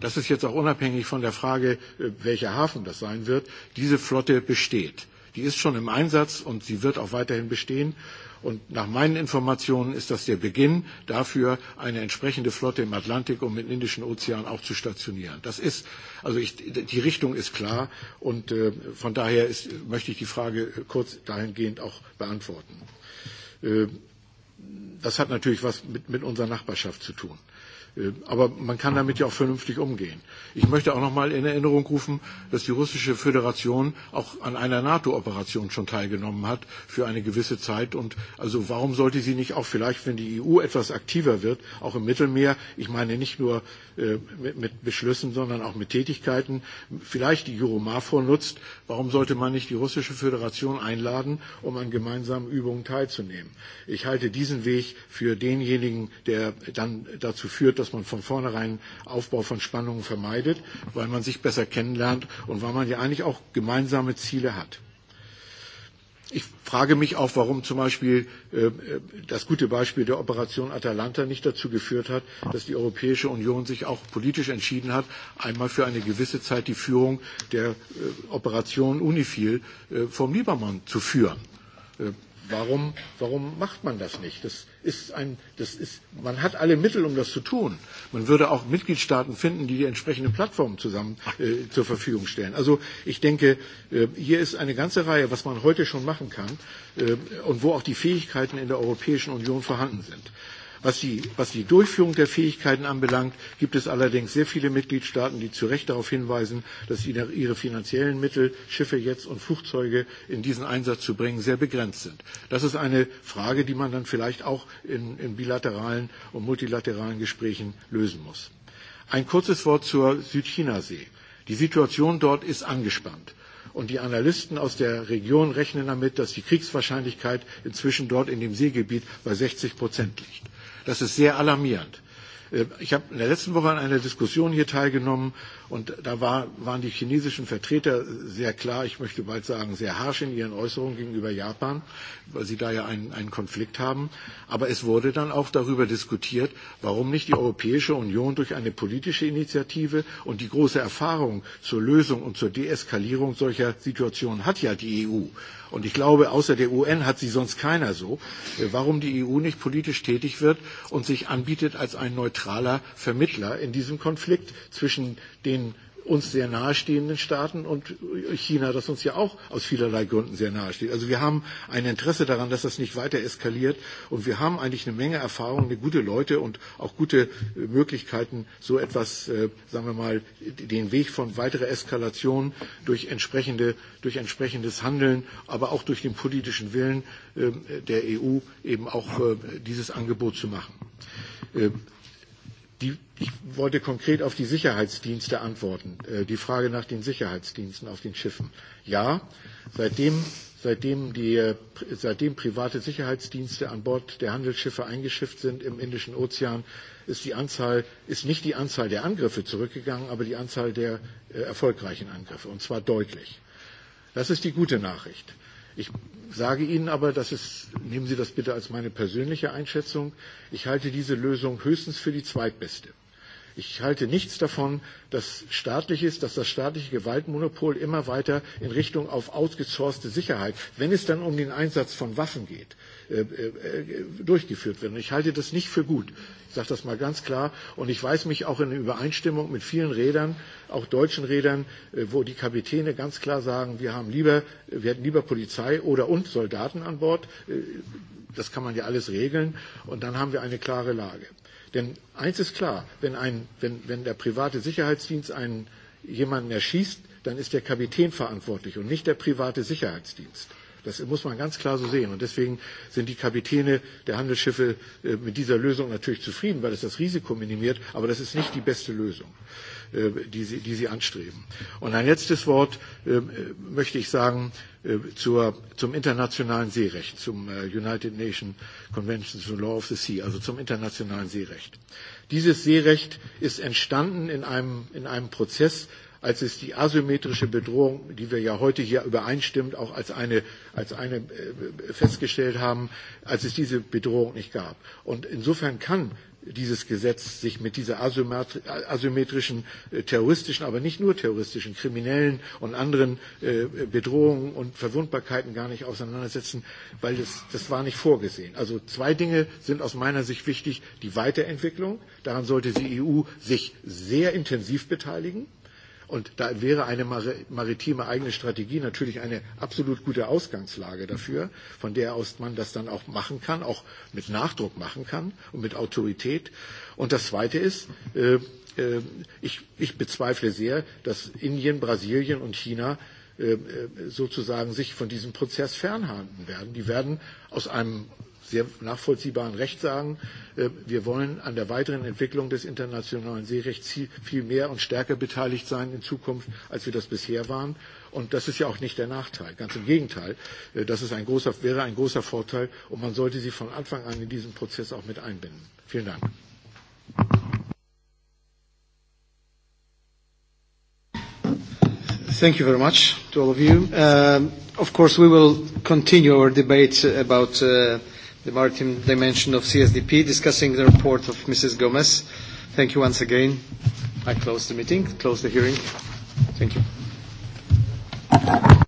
das ist jetzt auch unabhängig von der Frage, welcher Hafen das sein wird, diese Flotte besteht. Die ist schon im Einsatz und sie wird auch weiterhin bestehen. Und nach meinen Informationen ist das der Beginn dafür, eine entsprechende Flotte im Atlantik und im Indischen Ozean auch zu stationieren. Das ist, also ich, die Richtung ist klar und äh, von daher ist, möchte ich die Frage kurz dahingehend auch beantworten. Äh, das hat natürlich was mit, mit unserer Nachbarschaft zu tun. Äh, Aber man kann damit ja auch vernünftig umgehen. Ich möchte auch noch mal in Erinnerung rufen, dass die russische Föderation auch an einer NATO-Operation schon teilgenommen hat für eine gewisse Zeit. Und also warum sollte sie nicht auch vielleicht, wenn die EU etwas aktiver wird, auch im Mittelmeer, ich meine nicht nur mit Beschlüssen, sondern auch mit Tätigkeiten, vielleicht die Euromafor nutzt, warum sollte man nicht die russische Föderation einladen, um an gemeinsamen Übungen teilzunehmen? Ich halte diesen Weg für denjenigen, der dann dazu führt, dass man von vornherein Aufbau von Spannungen vermeidet, weil man sich besser kennenlernt und weil man ja eigentlich auch gemeinsame Ziele hat. Ich frage mich auch, warum zum Beispiel das gute Beispiel der Operation Atalanta nicht dazu geführt hat, dass die Europäische Union sich auch politisch entschieden hat, einmal für eine gewisse Zeit die Führung der Operation UNIFIL vom Libanon zu führen. Warum, warum macht man das nicht? Das ist ein, das ist, man hat alle Mittel, um das zu tun. Man würde auch Mitgliedstaaten finden, die die entsprechenden Plattformen zusammen äh, zur Verfügung stellen. Also ich denke, äh, hier ist eine ganze Reihe, was man heute schon machen kann äh, und wo auch die Fähigkeiten in der Europäischen Union vorhanden sind. Was die, was die Durchführung der Fähigkeiten anbelangt, gibt es allerdings sehr viele Mitgliedstaaten, die zu Recht darauf hinweisen, dass ihre finanziellen Mittel, Schiffe jetzt und Flugzeuge in diesen Einsatz zu bringen, sehr begrenzt sind. Das ist eine Frage, die man dann vielleicht auch in, in bilateralen und multilateralen Gesprächen lösen muss. Ein kurzes Wort zur Südchinasee. Die Situation dort ist angespannt. Und die Analysten aus der Region rechnen damit, dass die Kriegswahrscheinlichkeit inzwischen dort in dem Seegebiet bei 60 Prozent liegt. Das ist sehr alarmierend. Ich habe in der letzten Woche an einer Diskussion hier teilgenommen und da war, waren die chinesischen Vertreter sehr klar, ich möchte bald sagen, sehr harsch in ihren Äußerungen gegenüber Japan, weil sie da ja einen, einen Konflikt haben. Aber es wurde dann auch darüber diskutiert, warum nicht die Europäische Union durch eine politische Initiative und die große Erfahrung zur Lösung und zur Deeskalierung solcher Situationen hat ja die EU. Und ich glaube, außer der UN hat sie sonst keiner so, warum die EU nicht politisch tätig wird und sich anbietet als ein neutraler Vermittler in diesem Konflikt zwischen den uns sehr nahestehenden Staaten und China, das uns ja auch aus vielerlei Gründen sehr nahesteht. Also wir haben ein Interesse daran, dass das nicht weiter eskaliert und wir haben eigentlich eine Menge Erfahrung, gute Leute und auch gute Möglichkeiten, so etwas, sagen wir mal, den Weg von weiterer Eskalation durch, entsprechende, durch entsprechendes Handeln, aber auch durch den politischen Willen der EU eben auch dieses Angebot zu machen. Ich wollte konkret auf die Sicherheitsdienste antworten, die Frage nach den Sicherheitsdiensten auf den Schiffen. Ja, seitdem, seitdem, die, seitdem private Sicherheitsdienste an Bord der Handelsschiffe eingeschifft sind im Indischen Ozean, ist, die Anzahl, ist nicht die Anzahl der Angriffe zurückgegangen, aber die Anzahl der erfolgreichen Angriffe, und zwar deutlich. Das ist die gute Nachricht. Ich sage Ihnen aber, das ist, nehmen Sie das bitte als meine persönliche Einschätzung, ich halte diese Lösung höchstens für die zweitbeste. Ich halte nichts davon, dass staatlich ist, dass das staatliche Gewaltmonopol immer weiter in Richtung auf outgesourcete Sicherheit, wenn es dann um den Einsatz von Waffen geht, durchgeführt wird. Und ich halte das nicht für gut. Ich sage das mal ganz klar. Und ich weiß mich auch in Übereinstimmung mit vielen Rädern, auch deutschen Rädern, wo die Kapitäne ganz klar sagen, wir, haben lieber, wir hätten lieber Polizei oder und Soldaten an Bord. Das kann man ja alles regeln. Und dann haben wir eine klare Lage. Denn eins ist klar, wenn, ein, wenn, wenn der private Sicherheitsdienst einen, jemanden erschießt, dann ist der Kapitän verantwortlich und nicht der private Sicherheitsdienst. Das muss man ganz klar so sehen. Und deswegen sind die Kapitäne der Handelsschiffe mit dieser Lösung natürlich zufrieden, weil es das Risiko minimiert. Aber das ist nicht die beste Lösung die Sie, die Sie anstreben. Und ein letztes Wort möchte ich sagen zur, zum internationalen Seerecht, zum United Nations Convention on Law of the Sea, also zum internationalen Seerecht. Dieses Seerecht ist entstanden in einem, in einem Prozess, als es die asymmetrische Bedrohung, die wir ja heute hier übereinstimmt, auch als eine, als eine festgestellt haben, als es diese Bedrohung nicht gab. Und insofern kann dieses Gesetz sich mit dieser asymmetrischen terroristischen, aber nicht nur terroristischen, kriminellen und anderen Bedrohungen und Verwundbarkeiten gar nicht auseinandersetzen, weil das, das war nicht vorgesehen. Also zwei Dinge sind aus meiner Sicht wichtig. Die Weiterentwicklung, daran sollte die EU sich sehr intensiv beteiligen Und da wäre eine maritime eigene Strategie natürlich eine absolut gute Ausgangslage dafür, von der aus man das dann auch machen kann, auch mit Nachdruck machen kann und mit Autorität. Und das Zweite ist, ich, ich bezweifle sehr, dass Indien, Brasilien und China sozusagen sich von diesem Prozess fernhalten werden. Die werden aus einem sehr nachvollziehbaren Recht sagen, wir wollen an der weiteren Entwicklung des internationalen Seerechts viel mehr und stärker beteiligt sein in Zukunft, als wir das bisher waren. Und das ist ja auch nicht der Nachteil. Ganz im Gegenteil, das ist ein großer, wäre ein großer Vorteil und man sollte sie von Anfang an in diesen Prozess auch mit einbinden. Vielen Dank. Thank you very much to all of you. Um, of course, we will continue our debate about uh, the maritime dimension of CSDP, discussing the report of Mrs. Gomez. Thank you once again. I close the meeting, close the hearing. Thank you.